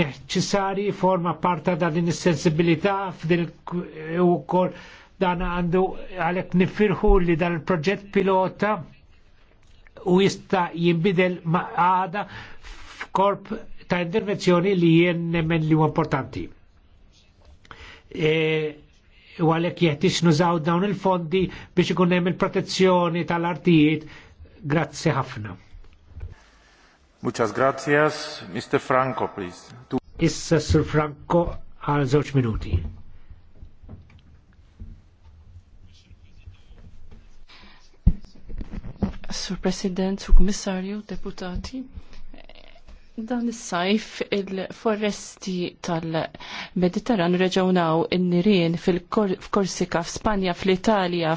neċessari forma parta da din is-sensibilità f'din ukoll dan għandu għalhekk nifirħu li dan il-proġett pilota u jista' jinbidel ma' għada korp ta' intervenzjoni li jien nemmen li u importanti. E, u għalek jeħtix nużaw dawn il-fondi biex ikun hemm il-protezzjoni tal-artijiet. Grazzi ħafna. Muchas gracias, Mr. Franco, please. Tu... Issa Sir Franco għal żewġ minuti. Sir President, Sur Komissarju, Deputati, Dan is-sajf il-foresti tal-Mediterran reġawnaw in-nirien fil-Korsika, f'Spanja, fl-Italja,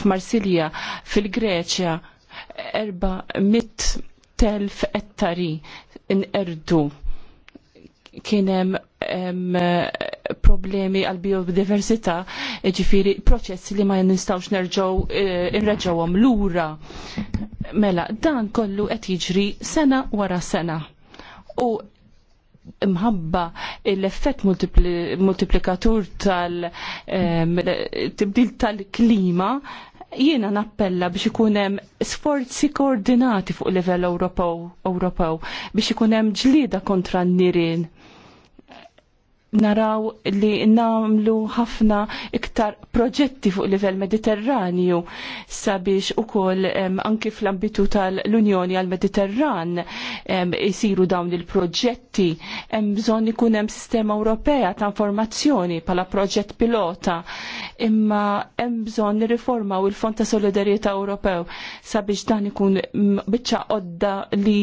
f'Marsilja, fil-Greċja, erba mit telf ettari in-erdu. kienem problemi għal biodiversità ġifiri proċessi li ma jinnistawx nerġaw l eh, lura. Mela, dan kollu qed jiġri sena wara sena. U mħabba l-effett multiplikatur tal-tibdil tal-klima jiena nappella biex ikun hemm sforzi koordinati fuq livell Ewropew biex ikun hemm ġlieda kontra n-nirien naraw li namlu ħafna iktar proġetti fuq livell mediterranju sabiex ukoll anki fl-ambitu tal-Unjoni għal-Mediterran jisiru dawn il-proġetti hemm bżonn ikun hemm sistema Ewropea ta' informazzjoni pala proġett pilota imma hemm bżonn nirriformaw il-Fond ta' Solidarjetà Ewropew sabiex dan ikun biċċa qodda li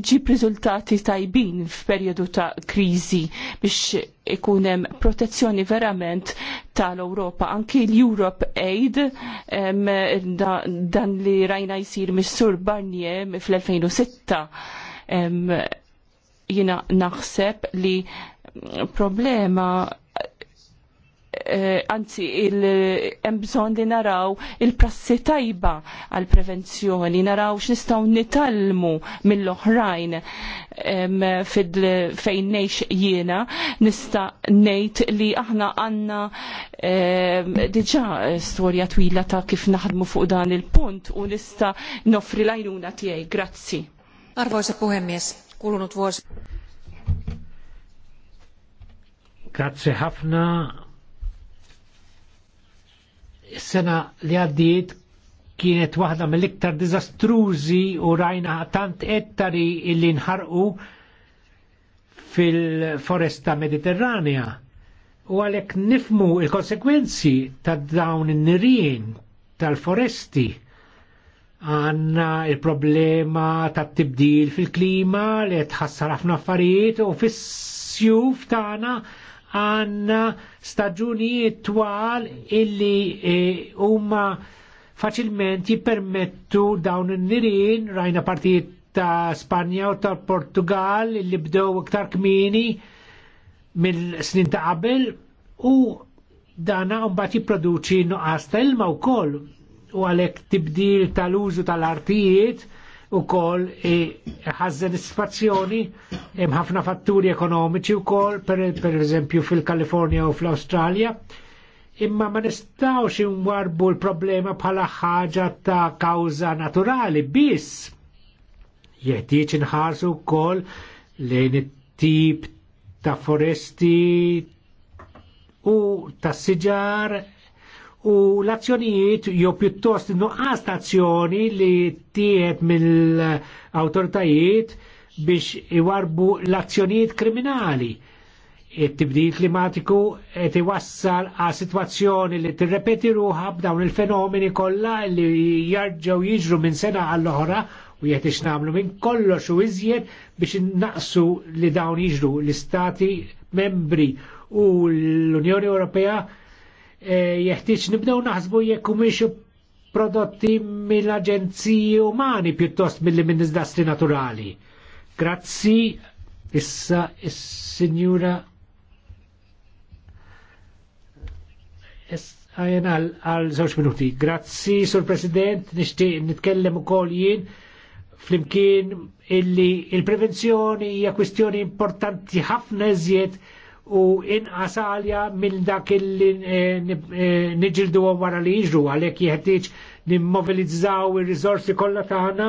ġib riżultati tajbin f'perjodu ta' kriżi biex ikun hemm protezzjoni verament tal-Ewropa, anki l-Europe Aid em, da, dan li rajna jsir mis-Sur Barnier fl-2006 jina naħseb li problema Eh, anzi hemm bżonn li naraw il-prassi tajba għal prevenzjoni, naraw x'nistgħu nitalmu mill-oħrajn fejn ngħix jiena nista' ngħid li aħna għandna diġà storja twila ta' kif naħdmu fuq dan il-punt u nista' noffri l-għajnuna tiegħi. Grazzi. Arvoisa puhemies, kulunut vuosi. Grazzi ħafna sena li għaddiet kienet waħda mill-iktar dizastruzi u rajna tant ettari illi nħarqu fil-foresta mediterranea. U għalek nifmu il-konsekwenzi ta' dawn in-nirien tal-foresti għanna il-problema ta' tibdil fil-klima li tħassar ħafna affarijiet u fis-sjuf tagħna għanna staġunijiet twal illi e, huma e, faċilment jippermettu dawn in nirin rajna partijiet ta' Spanja u ta' Portugal illi bdew iktar kmini mill-snin ta' qabel u dana mbagħad jipproduċi nuqqas ta' ilma wkoll u għalhekk tibdil tal-użu tal-artijiet u kol ħazzen spazzjoni ħafna fatturi ekonomiċi u kol per, per eżempju fil-Kalifornija u fl-Australia imma ma nistawx inwarbu l-problema bħala ħaġa ta' kawza naturali bis biss nħarsu u kol lejn tip ta' foresti u ta' siġar u l-azzjonijiet jew pjuttost nuqqas azzjoni li tijet mill-autoritajiet biex iwarbu l-azzjonijiet kriminali. It-tibdil klimatiku qed iwassal għal sitwazzjoni li tirrepeti ruha b'dawn il-fenomeni kollha li jarġaw jiġru minn sena għall-oħra u jgħet nagħmlu minn kollox u iżjed biex naqsu li dawn jiġru l-istati membri u l-Unjoni Ewropea Eh, jeħtieġ nibdew naħsbu jekk mhix prodotti mill-aġenziji umani pjuttost milli minn iżdastri naturali. Grazzi issa is-Sinjura għajen għal żewġ minuti. Grazzi, Sur President, nixtieq nitkellem ukoll jien flimkien illi il-prevenzjoni hija kwistjoni importanti ħafna eżiet u in għalja minn dak li eh, eh, niġildu wara li jiġru għalhekk jeħtieġ nimmobilizzaw ir-riżorsi kollha tagħna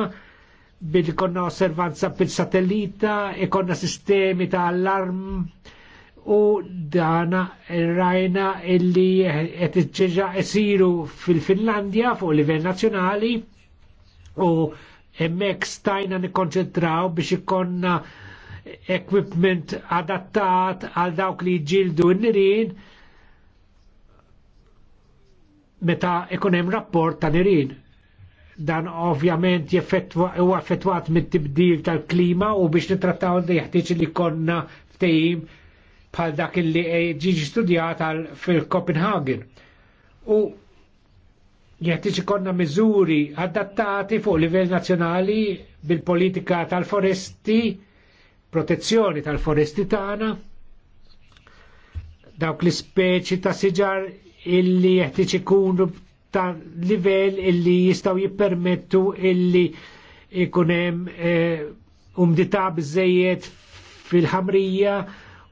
billi konna osservanza bil-satellita, ikonna sistemi ta' allarm u dana rajna illi qed iċċeġa isiru fil-Finlandja fuq livell nazzjonali u hemmhekk stajna nikkonċentraw biex ikonna equipment adattat għal dawk li jġildu n-nirin meta ikun hemm rapport ta' nirin. Dan ovvjament u affettwat mit-tibdil tal-klima u biex nitrattaw li jeħtieġ li konna ftehim bħal dak li ġiġi studjat fil-Copenhagen. U jeħtieġ konna miżuri adattati fuq livell nazzjonali bil-politika tal-foresti protezzjoni tal-foresti tagħna dawk l-ispeċi ta' siġar illi jeħtieġ ikunu ta' livell illi jistgħu jippermettu illi ikun hemm eh, umdità biżejjed fil-ħamrija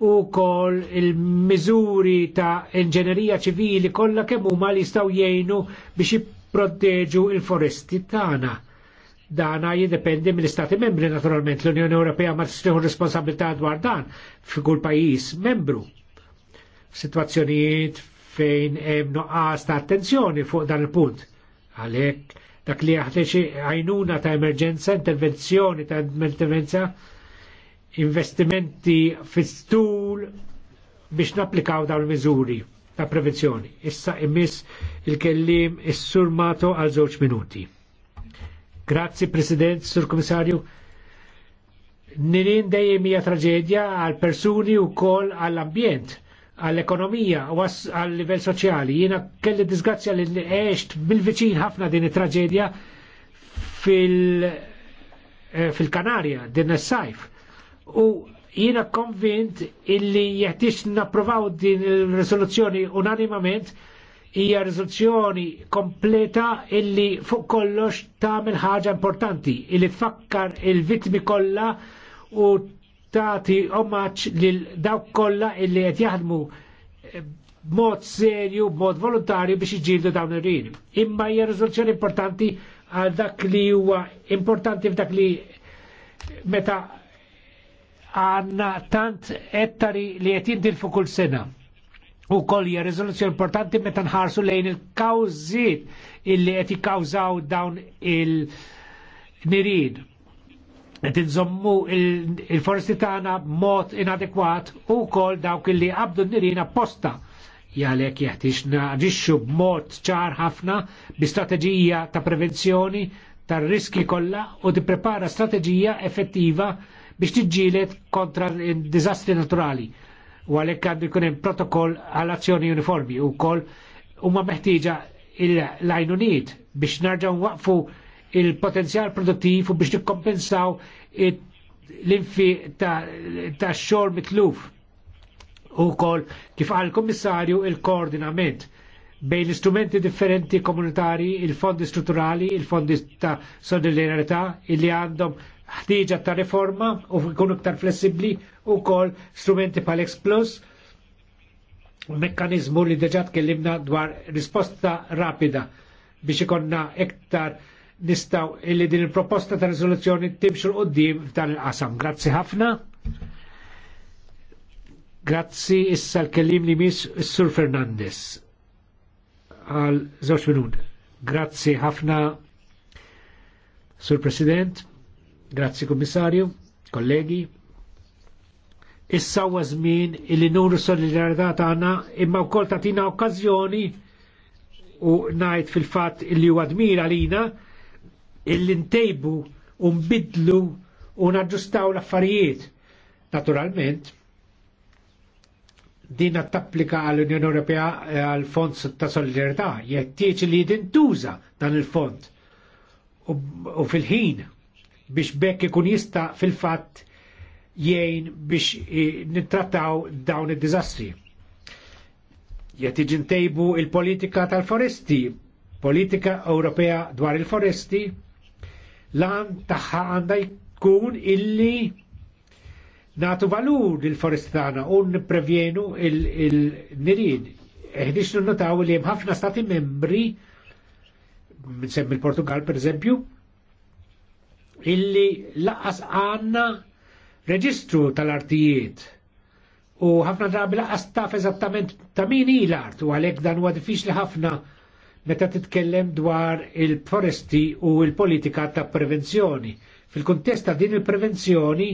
u kol il-miżuri ta' inġenerija ċivili kollha kemm huma li jistgħu jgħinu biex jipproteġu il-foresti tagħna dana jiddependi mill-Istati membri naturalment l-Unjoni Ewropea ma tistieħu responsabilità dwar dan f'kull pajjiż membru. Situazzjonijiet fejn hemm noqqas ta' attenzjoni fuq dan il-punt. Għalhekk dak li xi għajnuna ta' emerġenza, intervenzjoni ta' intervenza, investimenti fit-stul biex naplikaw dawn il-miżuri ta' prevenzjoni. Issa immiss il-kellim is-surmato għal żewġ minuti. Grazzi President, Sur Komissarju. Nirin dejjem hija traġedja għal persuni u kol għall-ambjent, għall-ekonomija u għall-livell soċjali. Jiena kelli disgrazzja li għext bil-viċin ħafna din it-traġedja fil- eh, fil-Kanarja din is-sajf. U jiena konvint illi jeħtiex napprovaw din il-risoluzzjoni unanimament hija rizoluzzjoni kompleta illi fuq kollox tagħmel ħaġa importanti illi tfakkar il-vittmi kollha u tagħti omaġġ lil dawk kollha illi qed jaħdmu eh, b'mod serju, b'mod volontarju biex iġildu dawn ir-rin. Imma hija rizoluzzjoni importanti għal dak li huwa importanti f'dak li meta għanna tant ettari li qed jintilfu kull sena U koll hija riżoluzzjoni importanti meta nħarsu lejn il-kawżiet illi qed jikkawżaw dawn il-nirid. Qed inżommu il-foresti tagħna mod inadekwat u koll dawk illi qabdu n-nirien apposta jgħalek jeħtiex naġixxu b'mod ċar ħafna bi strateġija ta' prevenzjoni tar-riski kollha u tipprepara strateġija effettiva biex tiġġieled kontra d-diżastri naturali u għalek għandu jkun hemm protokoll għal azzjoni uniformi u wkoll huma meħtieġa l-għajnuniet biex narġaw waqfu il-potenzjal produttiv u biex nikkompensaw l-infi ta' xogħol mitluf u kol kif għal komissarju il-koordinament bejn l-istrumenti differenti komunitari, il-fondi strutturali, il-fondi ta' solidarietà, illi għandhom ħtieġa ta' reforma u jkunu iktar flessibbli u kol strumenti pal X Plus mekkanizmu li deġa tkellimna dwar risposta rapida biex ikonna iktar nistaw illi din il-proposta ta' rizoluzzjoni timxu l-qoddim dan il-qasam. Grazzi ħafna. Grazzi issa l-kellim li mis Sur Fernandez għal zoċ minut. Grazzi ħafna, Sur President. Grazzi Kummissarju, kollegi. Issa huwa żmien illi nuru solidarità tagħna imma wkoll tagħtina okkażjoni u ngħid fil-fatt illi huwa dmir għalina illi ntejbu u nbidlu u naġġustaw l-affarijiet. Naturalment, din tapplika għall-Unjoni Ewropea eh, għall-Fond ta' Solidarità, jettieċ li dintuża dan il-fond u fil-ħin biex bekk ikun jista fil-fatt jgħin biex eh, nittrattaw dawn id-diżastri. Jett iġi ntejbu il-politika tal-foresti, politika Ewropea dwar il-foresti, lan taħħa għanda jkun illi natu valur il-forestana u niprevjenu il-nirin. Eħdix eh, nunnotaw li jem ħafna stati membri, minn il-Portugal per eżempju, illi laqqas għanna reġistru tal-artijiet u ħafna drabi laqas taf eżattament ta' min il-art u għalek dan huwa diffiċli ħafna meta titkellem dwar il-foresti u il-politika ta' prevenzjoni. fil kuntest ta' din il-prevenzjoni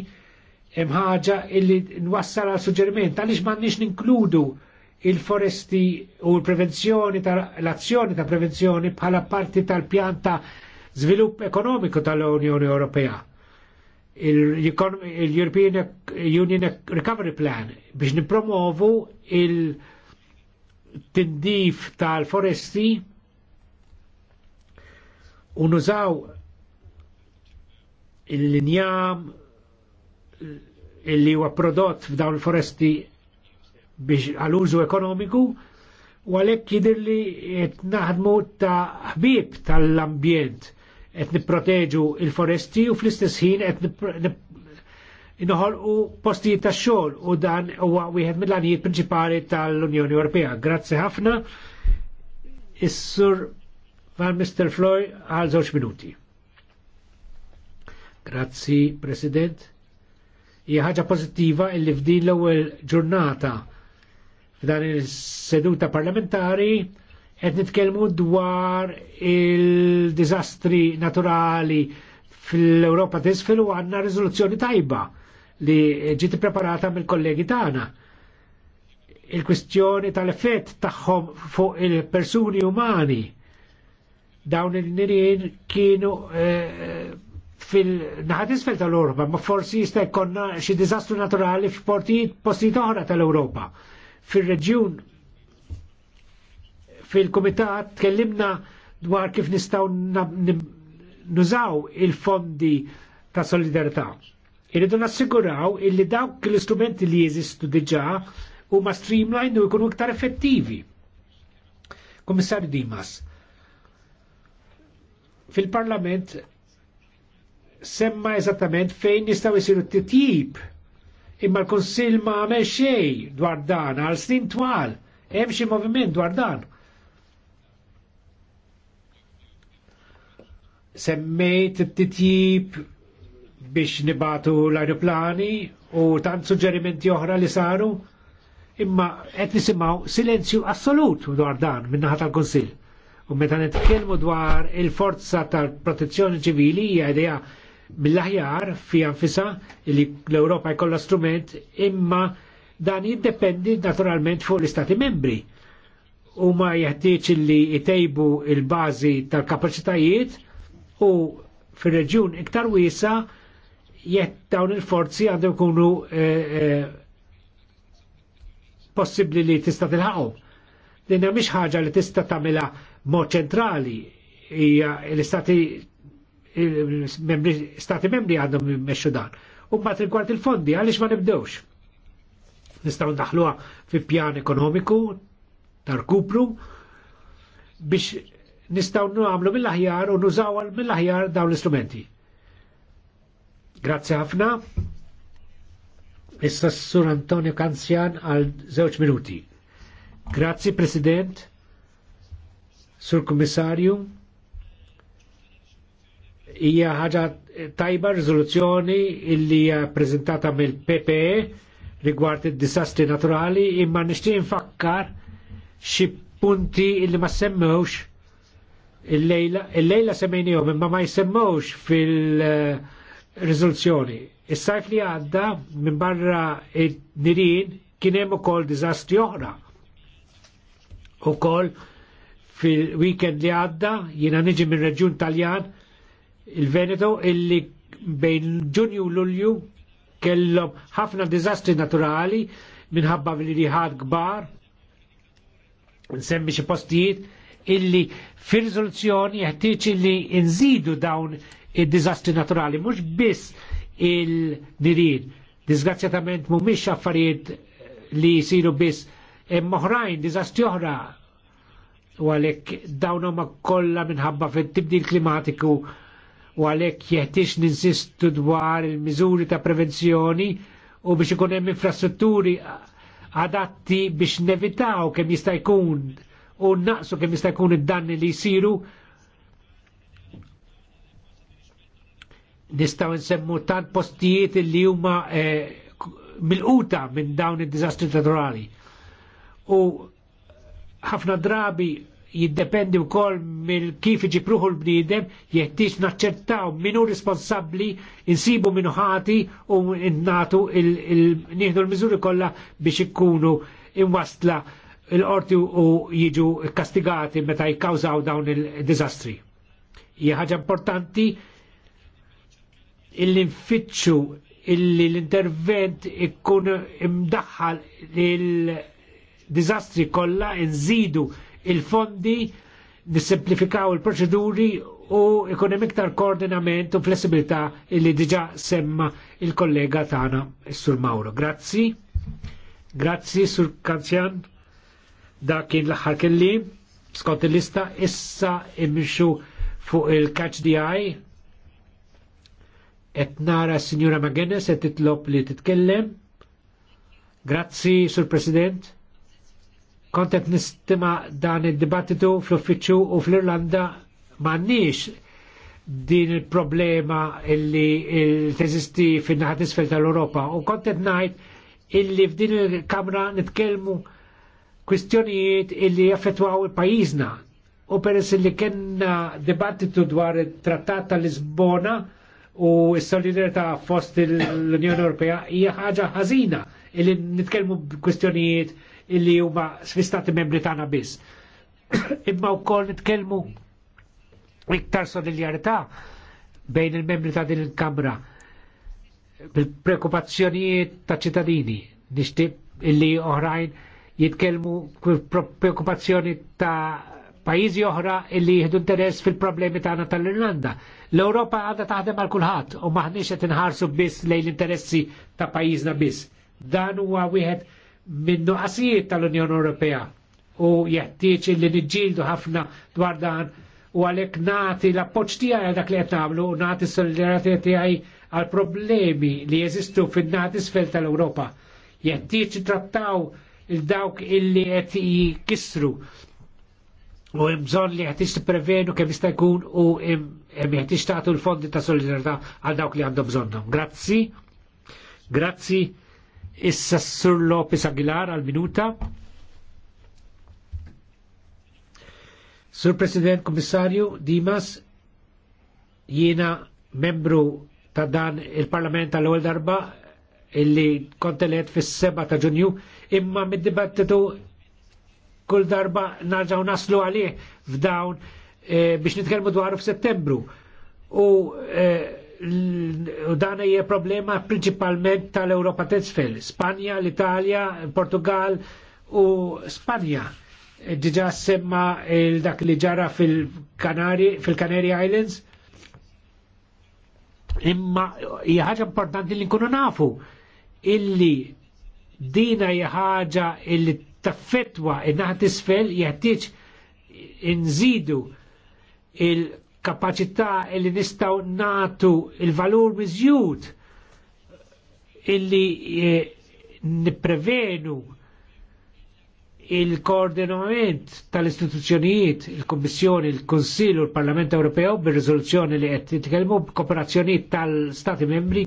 hemm ħaġa illi nwassal għal suġġeriment għaliex m'għandniex ninkludu il-foresti u l-prevenzjoni tal-azzjoni ta' prevenzjoni bħala parti tal-pjanta ta żvilupp ekonomiku tal-Unjoni Ewropea. Il-European Union Recovery Plan biex nipromovu il-tindif tal-foresti unużaw il-linjam illi huwa prodott f'dawn il-foresti biex għal-użu ekonomiku u għalhekk jidirli qed naħdmu ta' ħbib tal-ambjent qed nipproteġu il-foresti u fl-istess ħin qed u postijiet ta' xogħol u dan huwa wieħed mill-għanijiet prinċipali tal-Unjoni Ewropea. Grazzi ħafna. Is-sur van Mr. Floyd għal żewġ minuti. Grazzi, President. Hija ħaġa pożittiva illi f'din l-ewwel ġurnata f'dan is-seduta parlamentari qed nitkellmu dwar il-diżastri naturali fil-Europa t-isfilu għanna rizoluzzjoni tajba li ġiet preparata mill-kollegi tagħna. Il-kwistjoni tal-effett tagħhom fuq il-persuni umani dawn il-nirien kienu eh, fil-naħat isfel tal-Europa, ma forsi jista' jkollna xi diżastru naturali f'portijiet postijiet oħra tal-Europa. fil reġjun fil-komitat tkellimna dwar kif nistaw nużaw il-fondi ta' solidarità. Irridu nassiguraw illi dawk l-istrumenti li jeżistu diġà huma streamline u jkunu iktar effettivi. Komissarju Dimas, fil-Parlament semma eżattament fejn nistaw jisiru t-tip imma l-Konsil ma għamel xej dwar dan għal snin twal hemm xi moviment dwar dan. semmejt t-titjib biex nibatu l-aeroplani u tant suġġerimenti oħra li saru imma qed nisimgħu silenzju assolut dwar dan min-naħa tal-Kunsill. U meta nitkellmu dwar il-forza tal-protezzjoni ċivili hija idea mill-aħjar fi anfisa li l-Ewropa jkollha strument imma dan jiddependi naturalment fuq l-Istati membri. U ma jeħtieġ li jtejbu il-bażi tal-kapaċitajiet u fir-reġjun iktar wiesa jekk dawn il-forzi għandhom ikunu eh, eh, possibbli li tista' tilħaqhom. Dinna mhix ħaġa li tista' tagħmilha mod ċentrali hija l-istati stati membri għandhom jimmexxu dan. U mbagħad rigward il-fondi għaliex ma nibdewx. Nistgħu ndaħluha fi pjan ekonomiku tar-kupru biex nistaw nagħmlu mill-aħjar u nużaw mill-aħjar dawn l-istrumenti. Grazzi ħafna. Issa s-sur Antonio Kanzjan għal żewġ minuti. Grazzi President, Sur Kommissarju, Ija ħaġa tajba riżoluzzjoni illi hija preżentata mill-PPE rigward id-disastri naturali imma nixtieq infakkar xi punti illi ma semmewx Il-lejla semmejnijom imma ma jsemmawx fil-rizoluzzjoni. Is-sajf li għadda minn barra id-nirin kien hemm ukoll diżastri oħra. Ukoll fil-weekend li għadda jiena niġi minn reġjun Taljan il-Veneto illi bejn Ġunju u Lulju kellhom ħafna diżastri naturali minħabba li riħad kbar nsemmi xi postijiet illi fir rizoluzzjoni jeħtieġ illi nżidu dawn id-diżastri naturali, mhux biss il-nirin. Disgrazzjatament mhumiex affarijiet li jsiru biss imma oħrajn, diżastri oħra u għalhekk dawn huma kollha minħabba fit-tibdil klimatiku u għalhekk jeħtieġ ninsistu dwar il-miżuri ta' prevenzjoni u biex ikun hemm infrastrutturi adatti biex nevitaw kemm jista' jkun u naqsu kemm jista' jkun id-danni li jsiru nistaw nsemmu tant postijiet li huma eh, mil-quta minn dawn id-diżastri naturali. U ħafna drabi jiddependi wkoll mill kif iġipruħu l-bniedem jeħtieġ naċċertaw minu responsabbli insibu minu ħati u nnatu il-nieħdu l-miżuri kollha biex ikunu imwasla il-qorti u jiġu kastigati meta jikkawżaw dawn il-dizastri. Hija ħaġa importanti il-infittxu illi l-intervent ikkun imdaħħal il-dizastri kollha nżidu il-fondi, nisimplifikaw il-proċeduri u ikun hemm iktar koordinament u flessibilità illi diġà semma il-kollega tagħna Sur Mauro. Grazzi. Grazzi Sur Kanzjan. Dak kien l-aħħar kelli, skont il-lista, issa imxu fuq il-catch di għaj. Et nara s signora Magenes et titlob li titkellem. Grazzi, Sur President. Kontet nistima dan il-dibattitu fl uffiċu u fl-Irlanda mannix din il-problema illi il teżisti fin naħat isfel tal-Europa. U kontet najt illi f'din il-kamra nitkelmu kwistjonijiet illi jaffetwaw il-pajizna. U peress li kena dibattitu dwar il-trattat tal-Lisbona u s-solidarieta fost l-Unjoni Ewropea hija ħaġa ħażina illi nitkellmu kwistjonijiet illi huma sfistati membri tagħna biss. Imma wkoll nitkellmu iktar solidarità bejn il-membri ta' din il-Kamra bil-prekupazzjonijiet ta' ċittadini nixtieq illi oħrajn jitkelmu preokupazzjoni ta' pajizi oħra illi jihdu interess fil-problemi tagħna tal-Irlanda. L-Ewropa għadha taħdem għal kulħadd u maħniex qed inħarsu biss lejn l-interessi ta' pajjiżna biss. Dan huwa wieħed minn nuqqasijiet tal-Unjoni Ewropea u jeħtieġ illi niġġieldu ħafna dwar dan u għalhekk nagħti l-appoġġ tiegħi għal dak li qed nagħmlu u nagħti s-solidarità tiegħi għal problemi li jeżistu fin-nagħti sfel tal-Ewropa. Jeħtieġ trattaw il-dawk illi qed jikissru u bżonn li qed prevenu kemm jista' jkun u hemm qed tagħtu l-fondi ta' solidarità għal dawk li għandhom bżonnhom. Grazzi. Grazzi. Issa Sur Lopez Aguilar għal minuta. Sur President Komissarju Dimas, jiena membru ta' dan il-Parlament tal ewwel darba illi kontelet fis seba ta' ġunju imma mid-dibattitu kull darba narġaw naslu għalih f'dawn e, biex nitkelmu dwaru f'Settembru. U e, dan hija problema principalment tal europa t t'isfel, Spanja, l-Italja, Portugal u Spanja. Diġa semma il dak li ġara fil canary fil-Canary Islands. Imma hija ħaġa importanti li nkunu nafu illi dina ħaġa illi taffetwa innaħ tisfel jeħtieġ inżidu il-kapacità illi nistaw natu il-valur miżjud illi eh, niprevenu il-koordinament tal-istituzzjonijiet, il-Kommissjoni, il-Konsil u l-Parlament Ewropew bir rizoluzzjoni li qed titkellmu b'kooperazzjonijiet tal-Stati membri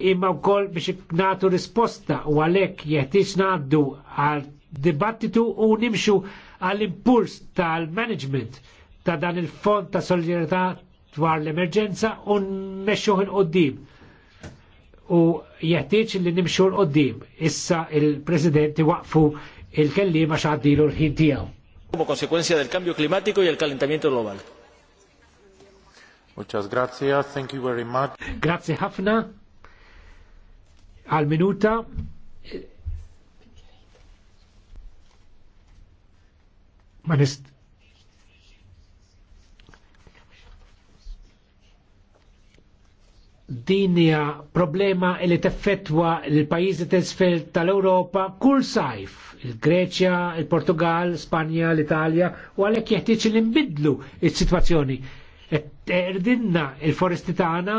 imma u koll biex natu risposta u għalek jħetix naddu għal dibattitu u nimxu għal impuls tal-management ta' dan il-fond ta' solidarità dwar l-emerġenza u nmexxu il-qoddim. U jħetix li nimxu l-qoddim. Issa il-President waqfu il-kellima xaddilu l-ħin tijaw. Como consecuencia del cambio climático y el calentamiento global. Muchas gracias, thank you very much. Grazie Hafna għal minuta ma nist dinja problema li teffettwa l-pajizi t tal-Europa kull sajf, il-Greċja, il-Portugal, Spanja, l-Italja, u għalek jeħtieġ li imbidlu il-situazzjoni. Erdinna il-foresti tagħna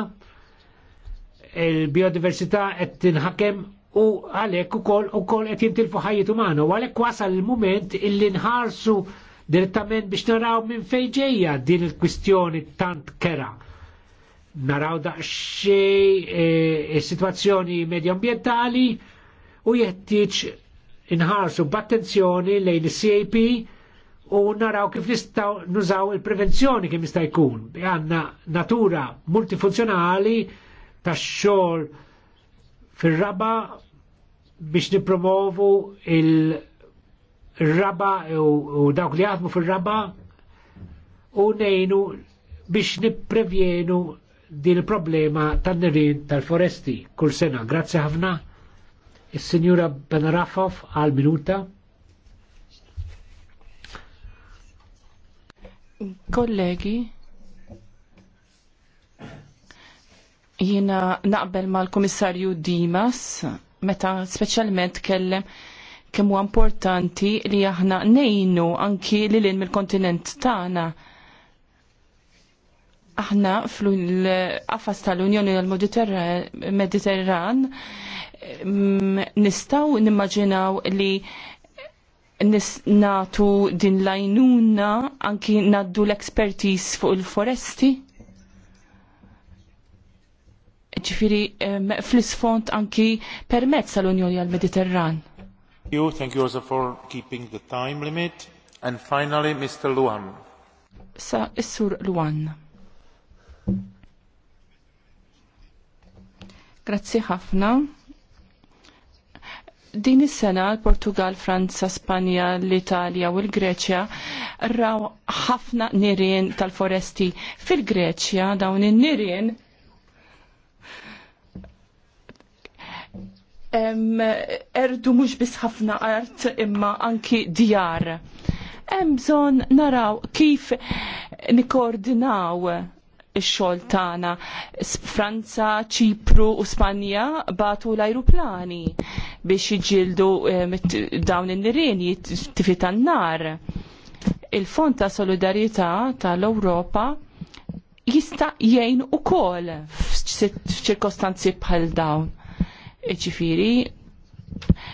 il-biodiversità qed tinħakem u għalhekk ukoll ukoll qed jintilfu ħajjiet umana u għalhekk wasal il-mument illi nħarsu direttament biex naraw minn fejn ġejja din il-kwistjoni tant kera. Naraw daqsxej is-sitwazzjoni medjambientali u jeħtieġ inħarsu b'attenzjoni lejn is-CAP u naraw kif nistgħu nużaw il-prevenzjoni kif jista' jkun. Għandna natura multifunzjonali tax-xogħol fir-raba biex nipromovu il-raba u dawk li jaħdmu fir-raba u nejnu biex nipprevjenu din il-problema tan-nirin tal-foresti kull sena. Grazzi ħafna. Is-Sinjura Benarafov għal minuta. Kollegi, Jiena naqbel mal-Komissarju Dimas meta speċjalment kellem kemm huwa importanti li aħna nejnu anki li lin mill-kontinent tagħna. Aħna fl-qafas tal-Unjoni tal-Mediterran mm, nistaw nimmaġinaw li natu din lajnuna anki naddu l-ekspertiż fuq il-foresti ġifiri fl-isfond anki permezz tal-Unjoni għal-Mediterran. Thank you also for keeping the time limit. And finally, Mr. Luan. Sa, Issur Luan. Grazzi ħafna. Din is-sena l-Portugal, Franza, Spanja, l-Italja u l-Greċja raw ħafna nirien tal-foresti. Fil-Greċja dawn in-nirien erdu mhux biss ħafna art imma anki djar. Hemm bżonn naraw kif nikkoordinaw ix-xogħol tagħna. Franza, Ċipru u Spanja batu l-ajruplani biex iġildu dawn in nirin jittifita n nar Il-Fond ta' solidarietà tal-Ewropa jista' jgħin ukoll f'ċirkostanzi bħal dawn ċifiri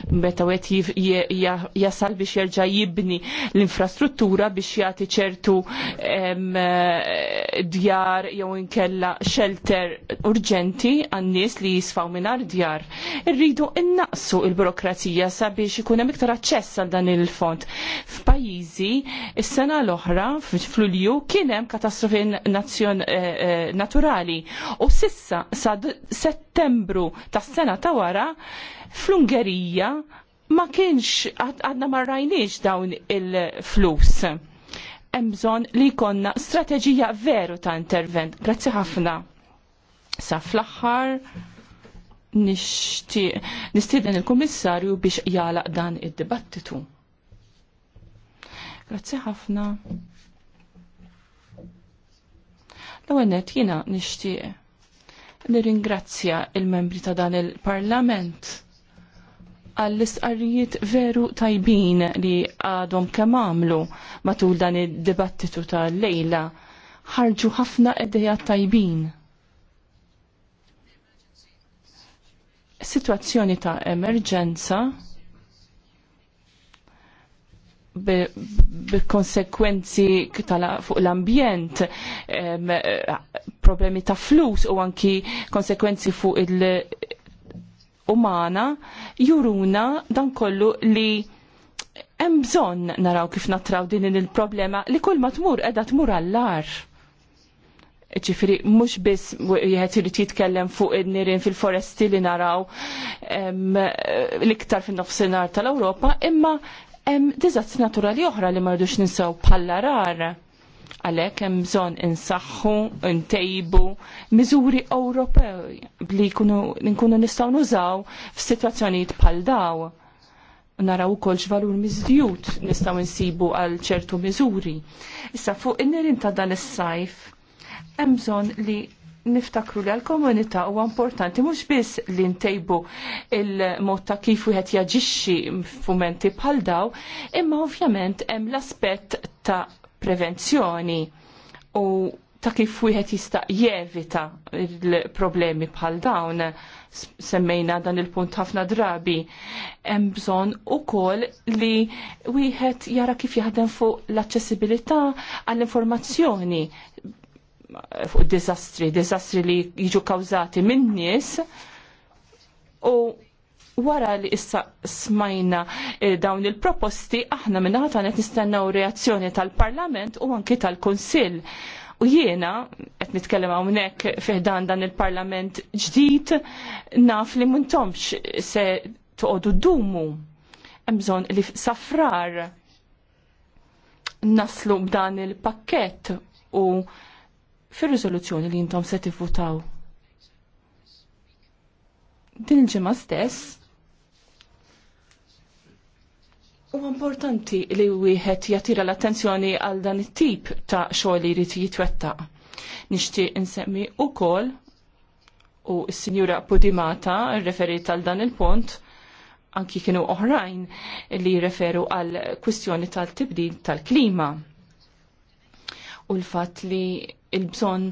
meta għet jasal biex jerġa' jibni l-infrastruttura biex jagħti ċertu eh, djar jew inkella shelter urġenti għan-nies li jisfaw mingħajr djar. Irridu innaqsu l burokrazija sabiex ikun hemm iktar aċċess għal dan il-fond. F'pajjiżi is-sena l-oħra f'Lulju kien hemm katastrofi eh, eh, naturali u sissa sa' settembru tas-sena ta' wara Fl-Ungerija ma kienx għadna ma rajniex dawn il-flus. Hemm bżonn li jkollna strateġija veru ta' intervent. Grazzi ħafna. Sa fl-aħħar nistieden il-Kummissarju biex jalaq dan id-dibattitu. Grazzi ħafna. L-għennet jina nishtiq li ringrazzja il-membri ta' dan il-parlament għall istqarijiet veru tajbin li għadhom kemm għamlu matul dan id-dibattitu tal-lejla ħarġu ħafna idejat tajbin. Situazzjoni ta' emerġenza bi-konsekwenzi fuq l-ambjent, eh, problemi ta' flus u anki konsekwenzi fuq il- umana juruna dan kollu li hemm bżonn naraw kif natraw din il-problema li kull ma tmur qiegħda tmur għall-ar. Ġifieri mhux biss wieħed irid jitkellem fuq in-nirien fil-foresti li naraw l-iktar fin-nofsinhar tal-Ewropa, imma hemm diżazz naturali oħra li ma rridux ninsew bħalla rar Għalhekk hemm bżonn insaħħu, ntejbu miżuri Ewropej li nkunu nistgħu nużaw f'sitwazzjonijiet bħal daw. Naraw ukoll x'valur miżjud nistgħu nsibu għal ċertu miżuri. Issa fuq in-nirin ta' dan is-sajf hemm bżonn li niftakru li għal-komunità huwa importanti mhux biss li ntejbu il-mod ta' kif wieħed jaġixxi f'mumenti bħal daw, imma ovvjament hemm l-aspett ta' prevenzjoni u ta' kif wieħed jista' jevita l problemi bħal dawn semmejna dan il-punt ħafna drabi hemm bżonn ukoll li wieħed jara kif jaħdem fuq l-aċċessibilità għall-informazzjoni fuq id-diżastri, diżastri li jiġu kawżati minn nies u wara li issa smajna eh, dawn il-proposti, aħna minna ħatanet nistennaw reazzjoni tal-Parlament u anki tal-Konsil. U jiena, qed nitkellem hawnhekk fiħdan dan il-Parlament ġdid, naf li muntomx se tuqodu d Hemm bżonn li safrar naslu b'dan il-pakkett u fir-riżoluzzjoni li intom se tifutaw. Din il-ġimgħa stess U importanti li wieħed jatira l-attenzjoni għal dan it-tip ta' xogħol li jrid jitwettaq. Nixtieq insemmi ukoll u s-Sinjura Pudimata referit għal dan il-punt anki kienu oħrajn li referu għal kwistjoni tal-tibdil tal-klima. U l-fatt li il-bżonn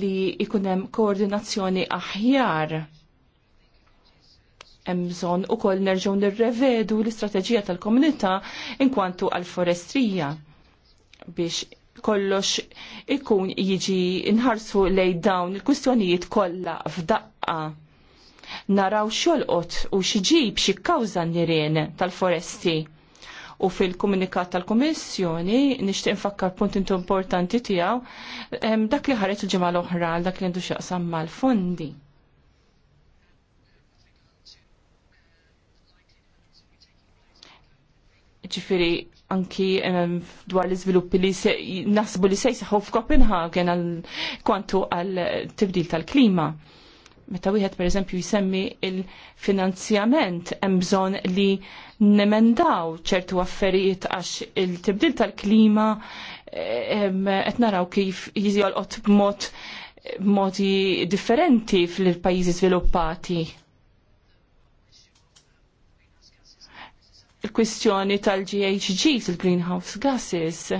li ikunem koordinazzjoni aħjar Emżon u koll nerġaw nirrevedu l-istrateġija tal-komunità inkwantu għal-forestrija biex kollox ikun jiġi inħarsu lej dawn il-kustjonijiet kollha f'daqqa. Naraw xolqot u xiġib xi kawża nirien tal-foresti. U fil-komunikat tal-Komissjoni nixtieq nfakkar punt intu importanti tiegħu dak li ħareġ il-ġimgħa l-oħra dak li għandu x'jaqsam mal-fondi ġifiri anki dwar l-izviluppi li nasbu li se jsaħu f'Kopenhagen kwantu għal tibdil tal-klima. Meta wieħed pereżempju jsemmi il-finanzjament hemm bżonn li nemendaw ċertu affarijiet għax il-tibdil tal-klima qed naraw kif jiżjolqot b'mod modi differenti fil-pajjiżi żviluppati. il-kwistjoni tal-GHGs, il-greenhouse gases.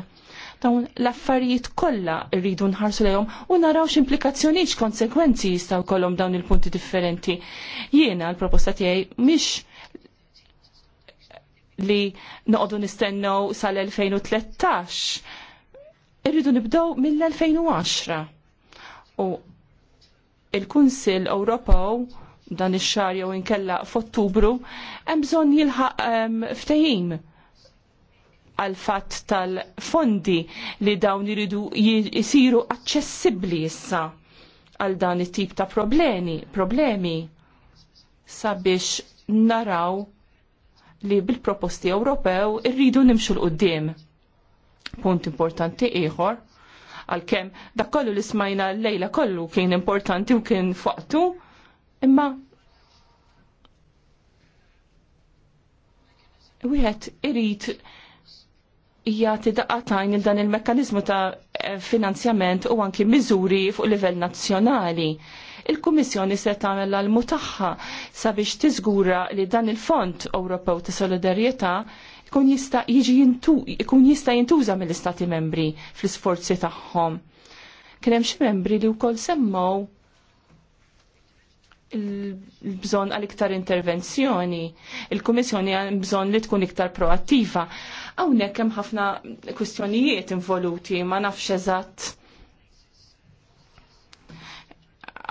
Dawn l-affarijiet kollha rridu nħarsu lejhom u naraw x'implikazzjonijiet x'konsekwenzi jistgħu kollhom dawn il-punti differenti. Jiena l-proposta tiegħi mhix li noqogħdu nistennew sal-2013. Irridu nibdew mill-2010. U il-Kunsill Ewropew dan ix-xar jew inkella f'Ottubru, hemm bżonn jilħaq ehm, ftehim għal fatt tal-fondi li dawn iridu jisiru aċċessibbli issa għal dan it-tip ta' problemi, problemi sabiex naraw li bil-proposti Ewropew irridu nimxu l-qoddim. Punt importanti ieħor għal kem dak kollu li smajna l-lejla kollu kien importanti u kien faqtu Imma wieħed irid jagħti daqatajn il dan il-mekkaniżmu ta' finanzjament u anki miżuri fuq livell nazzjonali. Il-Kummissjoni se tagħmel l-almu tagħha sabiex tiżgura li dan il-Fond Ewropew ta' Solidarjetà jkun jista' jiġi jkun jista' jintuża mill-Istati Membri fl-isforzi tagħhom. Kien hemm xi membri li wkoll semmew il-bżon għal iktar intervenzjoni. il komissjoni għal bżon li tkun iktar proattiva. Hawnhekk hemm ħafna kwistjonijiet involuti, ma nafx eżatt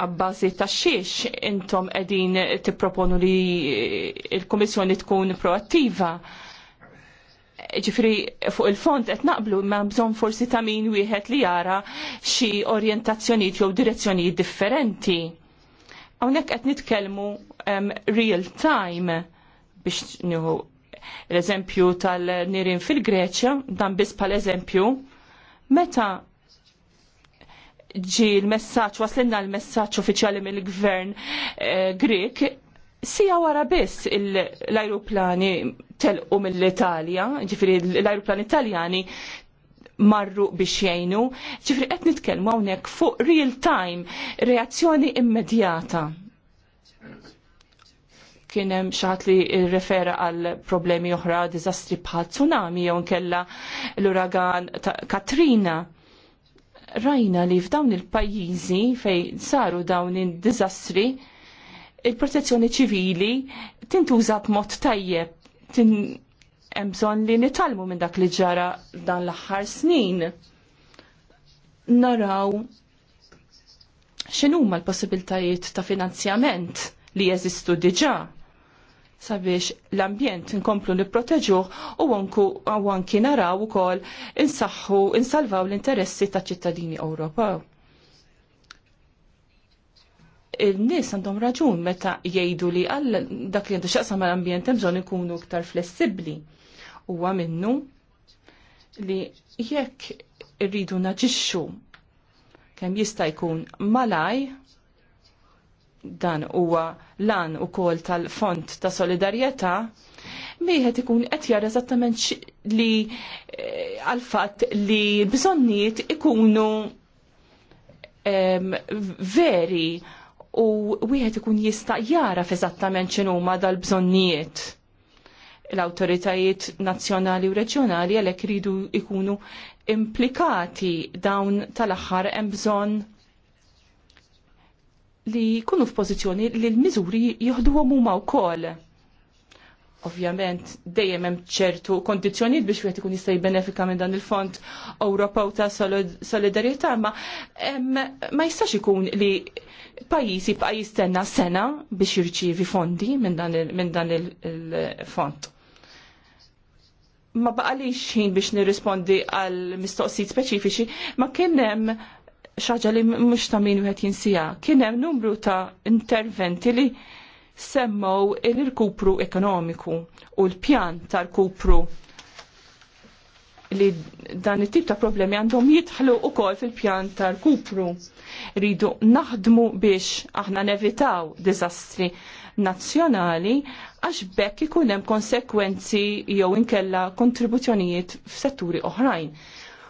għabbażi ta' xiex intom edin tipproponu li il-Komissjoni tkun proattiva. Ġifri, fuq il-fond qed naqblu ma bżon forsi ta' min wieħed li jara xi orjentazzjonijiet jew direzzjonijiet differenti Hawnhekk qed nitkellmu um, real time biex nieħu l-eżempju tal-nirin fil-Greċja, dan biss pal eżempju meta ġi l-messaġġ waslinna l-messaġġ uffiċjali mill-gvern eh, Grek, Sija wara biss l-ajruplani telqu mill-Italja, ġifiri l-ajruplani italjani marru biex jgħinu. Ġifri qed nitkellmu hawnhekk fuq real time, reazzjoni immedjata. Kien hemm xaħat li rrefera għal problemi oħra, diżastri bħal tsunami jew nkella l-uragan Katrina rajna li f'dawn il-pajjiżi fej saru dawn il-dizastri, il-protezzjoni ċivili tintuża b'mod tajjeb, hemm bżonn li nitalmu minn dak li ġara dan l-aħħar snin. Naraw x'inhuma l-possibiltajiet ta' finanzjament li jeżistu diġà sabiex l-ambjent nkomplu nipproteġuh u anki naraw ukoll insaħħu insalvaw l-interessi taċ ċittadini Ewropew. Il-nies għandhom raġun meta jgħidu li għal dak li għandu xaqsam mal-ambjent hemm bżonn ikunu iktar flessibbli huwa minnu li jekk irridu naġixxu kemm jista' jkun malaj dan huwa lan ukoll tal-font ta' solidarjetà wieħed ikun qed jara eżattament li eh, għal fatt li bżonnijiet ikunu veri u wieħed ikun jista' jara f'eżattament x'inhuma dal-bżonnijiet l-autoritajiet nazzjonali u reġjonali għalhekk iridu ikunu implikati dawn tal-aħħar hemm bżonn li jkunu f'pożizzjoni li l-miżuri jieħduhom huma wkoll. Ovvjament dejjem hemm ċertu kondizzjonijiet biex wieħed ikun jista' jibbenefika minn dan il-Fond Ewropew ta' Solidarjetà, ma ma jistax ikun li pajjiż jibqa' jistenna sena biex jirċievi fondi minn dan il-fond ma baqalix ħin biex nirrispondi għal mistoqsijiet speċifiċi, ma kien hemm xaġa li mhux ta' min wieħed jinsija. Kien hemm numru ta' interventi li semmow il-rkupru ekonomiku u l-pjan ta' rkupru li dan it-tip ta' problemi għandhom jitħlu u kol fil-pjan ta' kupru Ridu naħdmu biex aħna nevitaw dizastri nazzjonali għax bekk ikun hemm konsekwenzi jew inkella kontribuzzjonijiet f'setturi oħrajn.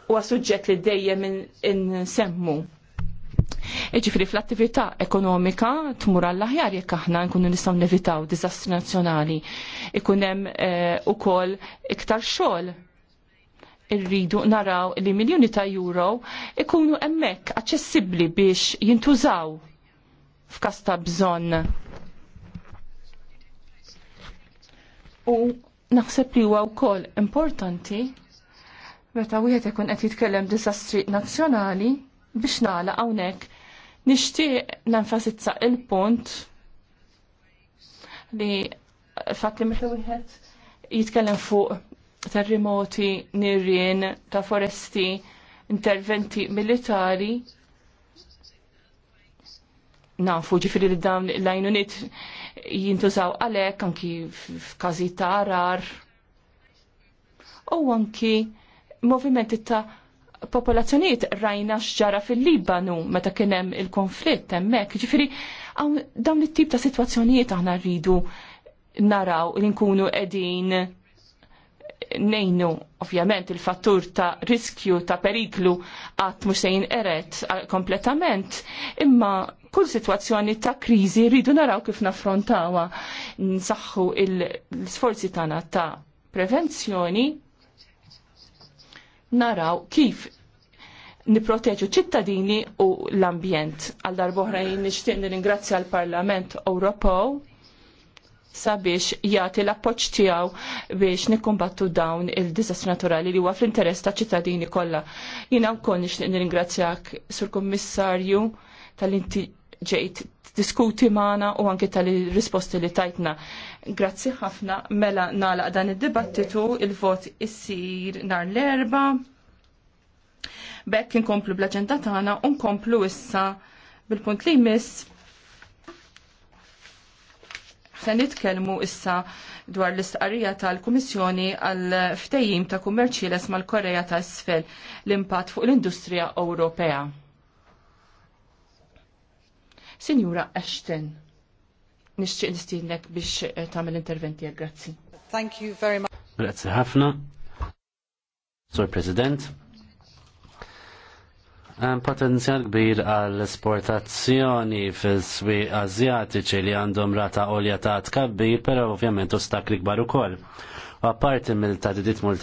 Huwa suġġett li dejjem insemmu. Iġifri fl-attività ekonomika tmur għall-aħjar jekk aħna nkunu nistgħu nevitaw diżastri nazzjonali. Ikun hemm eh, ukoll iktar xogħol irridu naraw li miljoni ta' euro ikunu emmek aċċessibbli biex jintużaw f'kas ta' bżonn U naħseb li huwa wkoll importanti meta wieħed ikun qed jitkellem disastri nazzjonali biex nagħlaq hawnhekk nixtieq nenfasizza il-punt li fatt li meta wieħed jitkellem fuq terremoti, nirien, ta' foresti, interventi militari, nafu ġifiri li dawn l-għajnunit jintużaw għalek anki f'każi ta' arar u anki movimenti ta' popolazzjoniet rajna xġara fil-Libanu meta kien hemm il-konflitt hemmhekk. Ġifieri dawn it-tip ta' sitwazzjonijiet aħna rridu naraw li nkunu qegħdin nejnu ovvjament il-fattur ta' riskju ta' periklu għat musejn eret kompletament imma kull situazzjoni ta' krizi rridu naraw kif naffrontawa nsaħħu l-sforzi tagħna ta' prevenzjoni naraw kif niproteġu ċittadini u l-ambjent. Għal darboħra nixtieq nirringrazzja l-Parlament Ewropew sabiex jagħti l-appoġġ tiegħu biex nikkumbattu dawn il-diżastri naturali li huwa fl-interess ta' ċittadini kollha. Jiena wkoll nixtieq nirringrazzjak sur Kummissarju tal-inti ġejt diskuti magħna u anke tal-risposti li tajtna. Grazzi ħafna mela nagħlaq dan id-dibattitu il-vot issir nhar l-erba. Bekk inkomplu bl-aġenda tagħna u nkomplu issa bil-punt li jmiss Se nitkellmu issa dwar l-istqarrija tal-Kummissjoni għal ftejjim ta' kummerċieles mal-Korea ta' Isfel l-impatt fuq l-industrija Ewropea. Signora Ashton, nixtieq nistiednek biex eh, tagħmel interventi grazzi. Thank you very much. Grazzi ħafna. Sor President, Hemm potenzjal kbir għall esportazzjoni fis-swieq Azjatiċi li għandhom rata olja ta' tkabbir, però ovvjament ostakli kbar ukoll. Apparti mill tadidit multi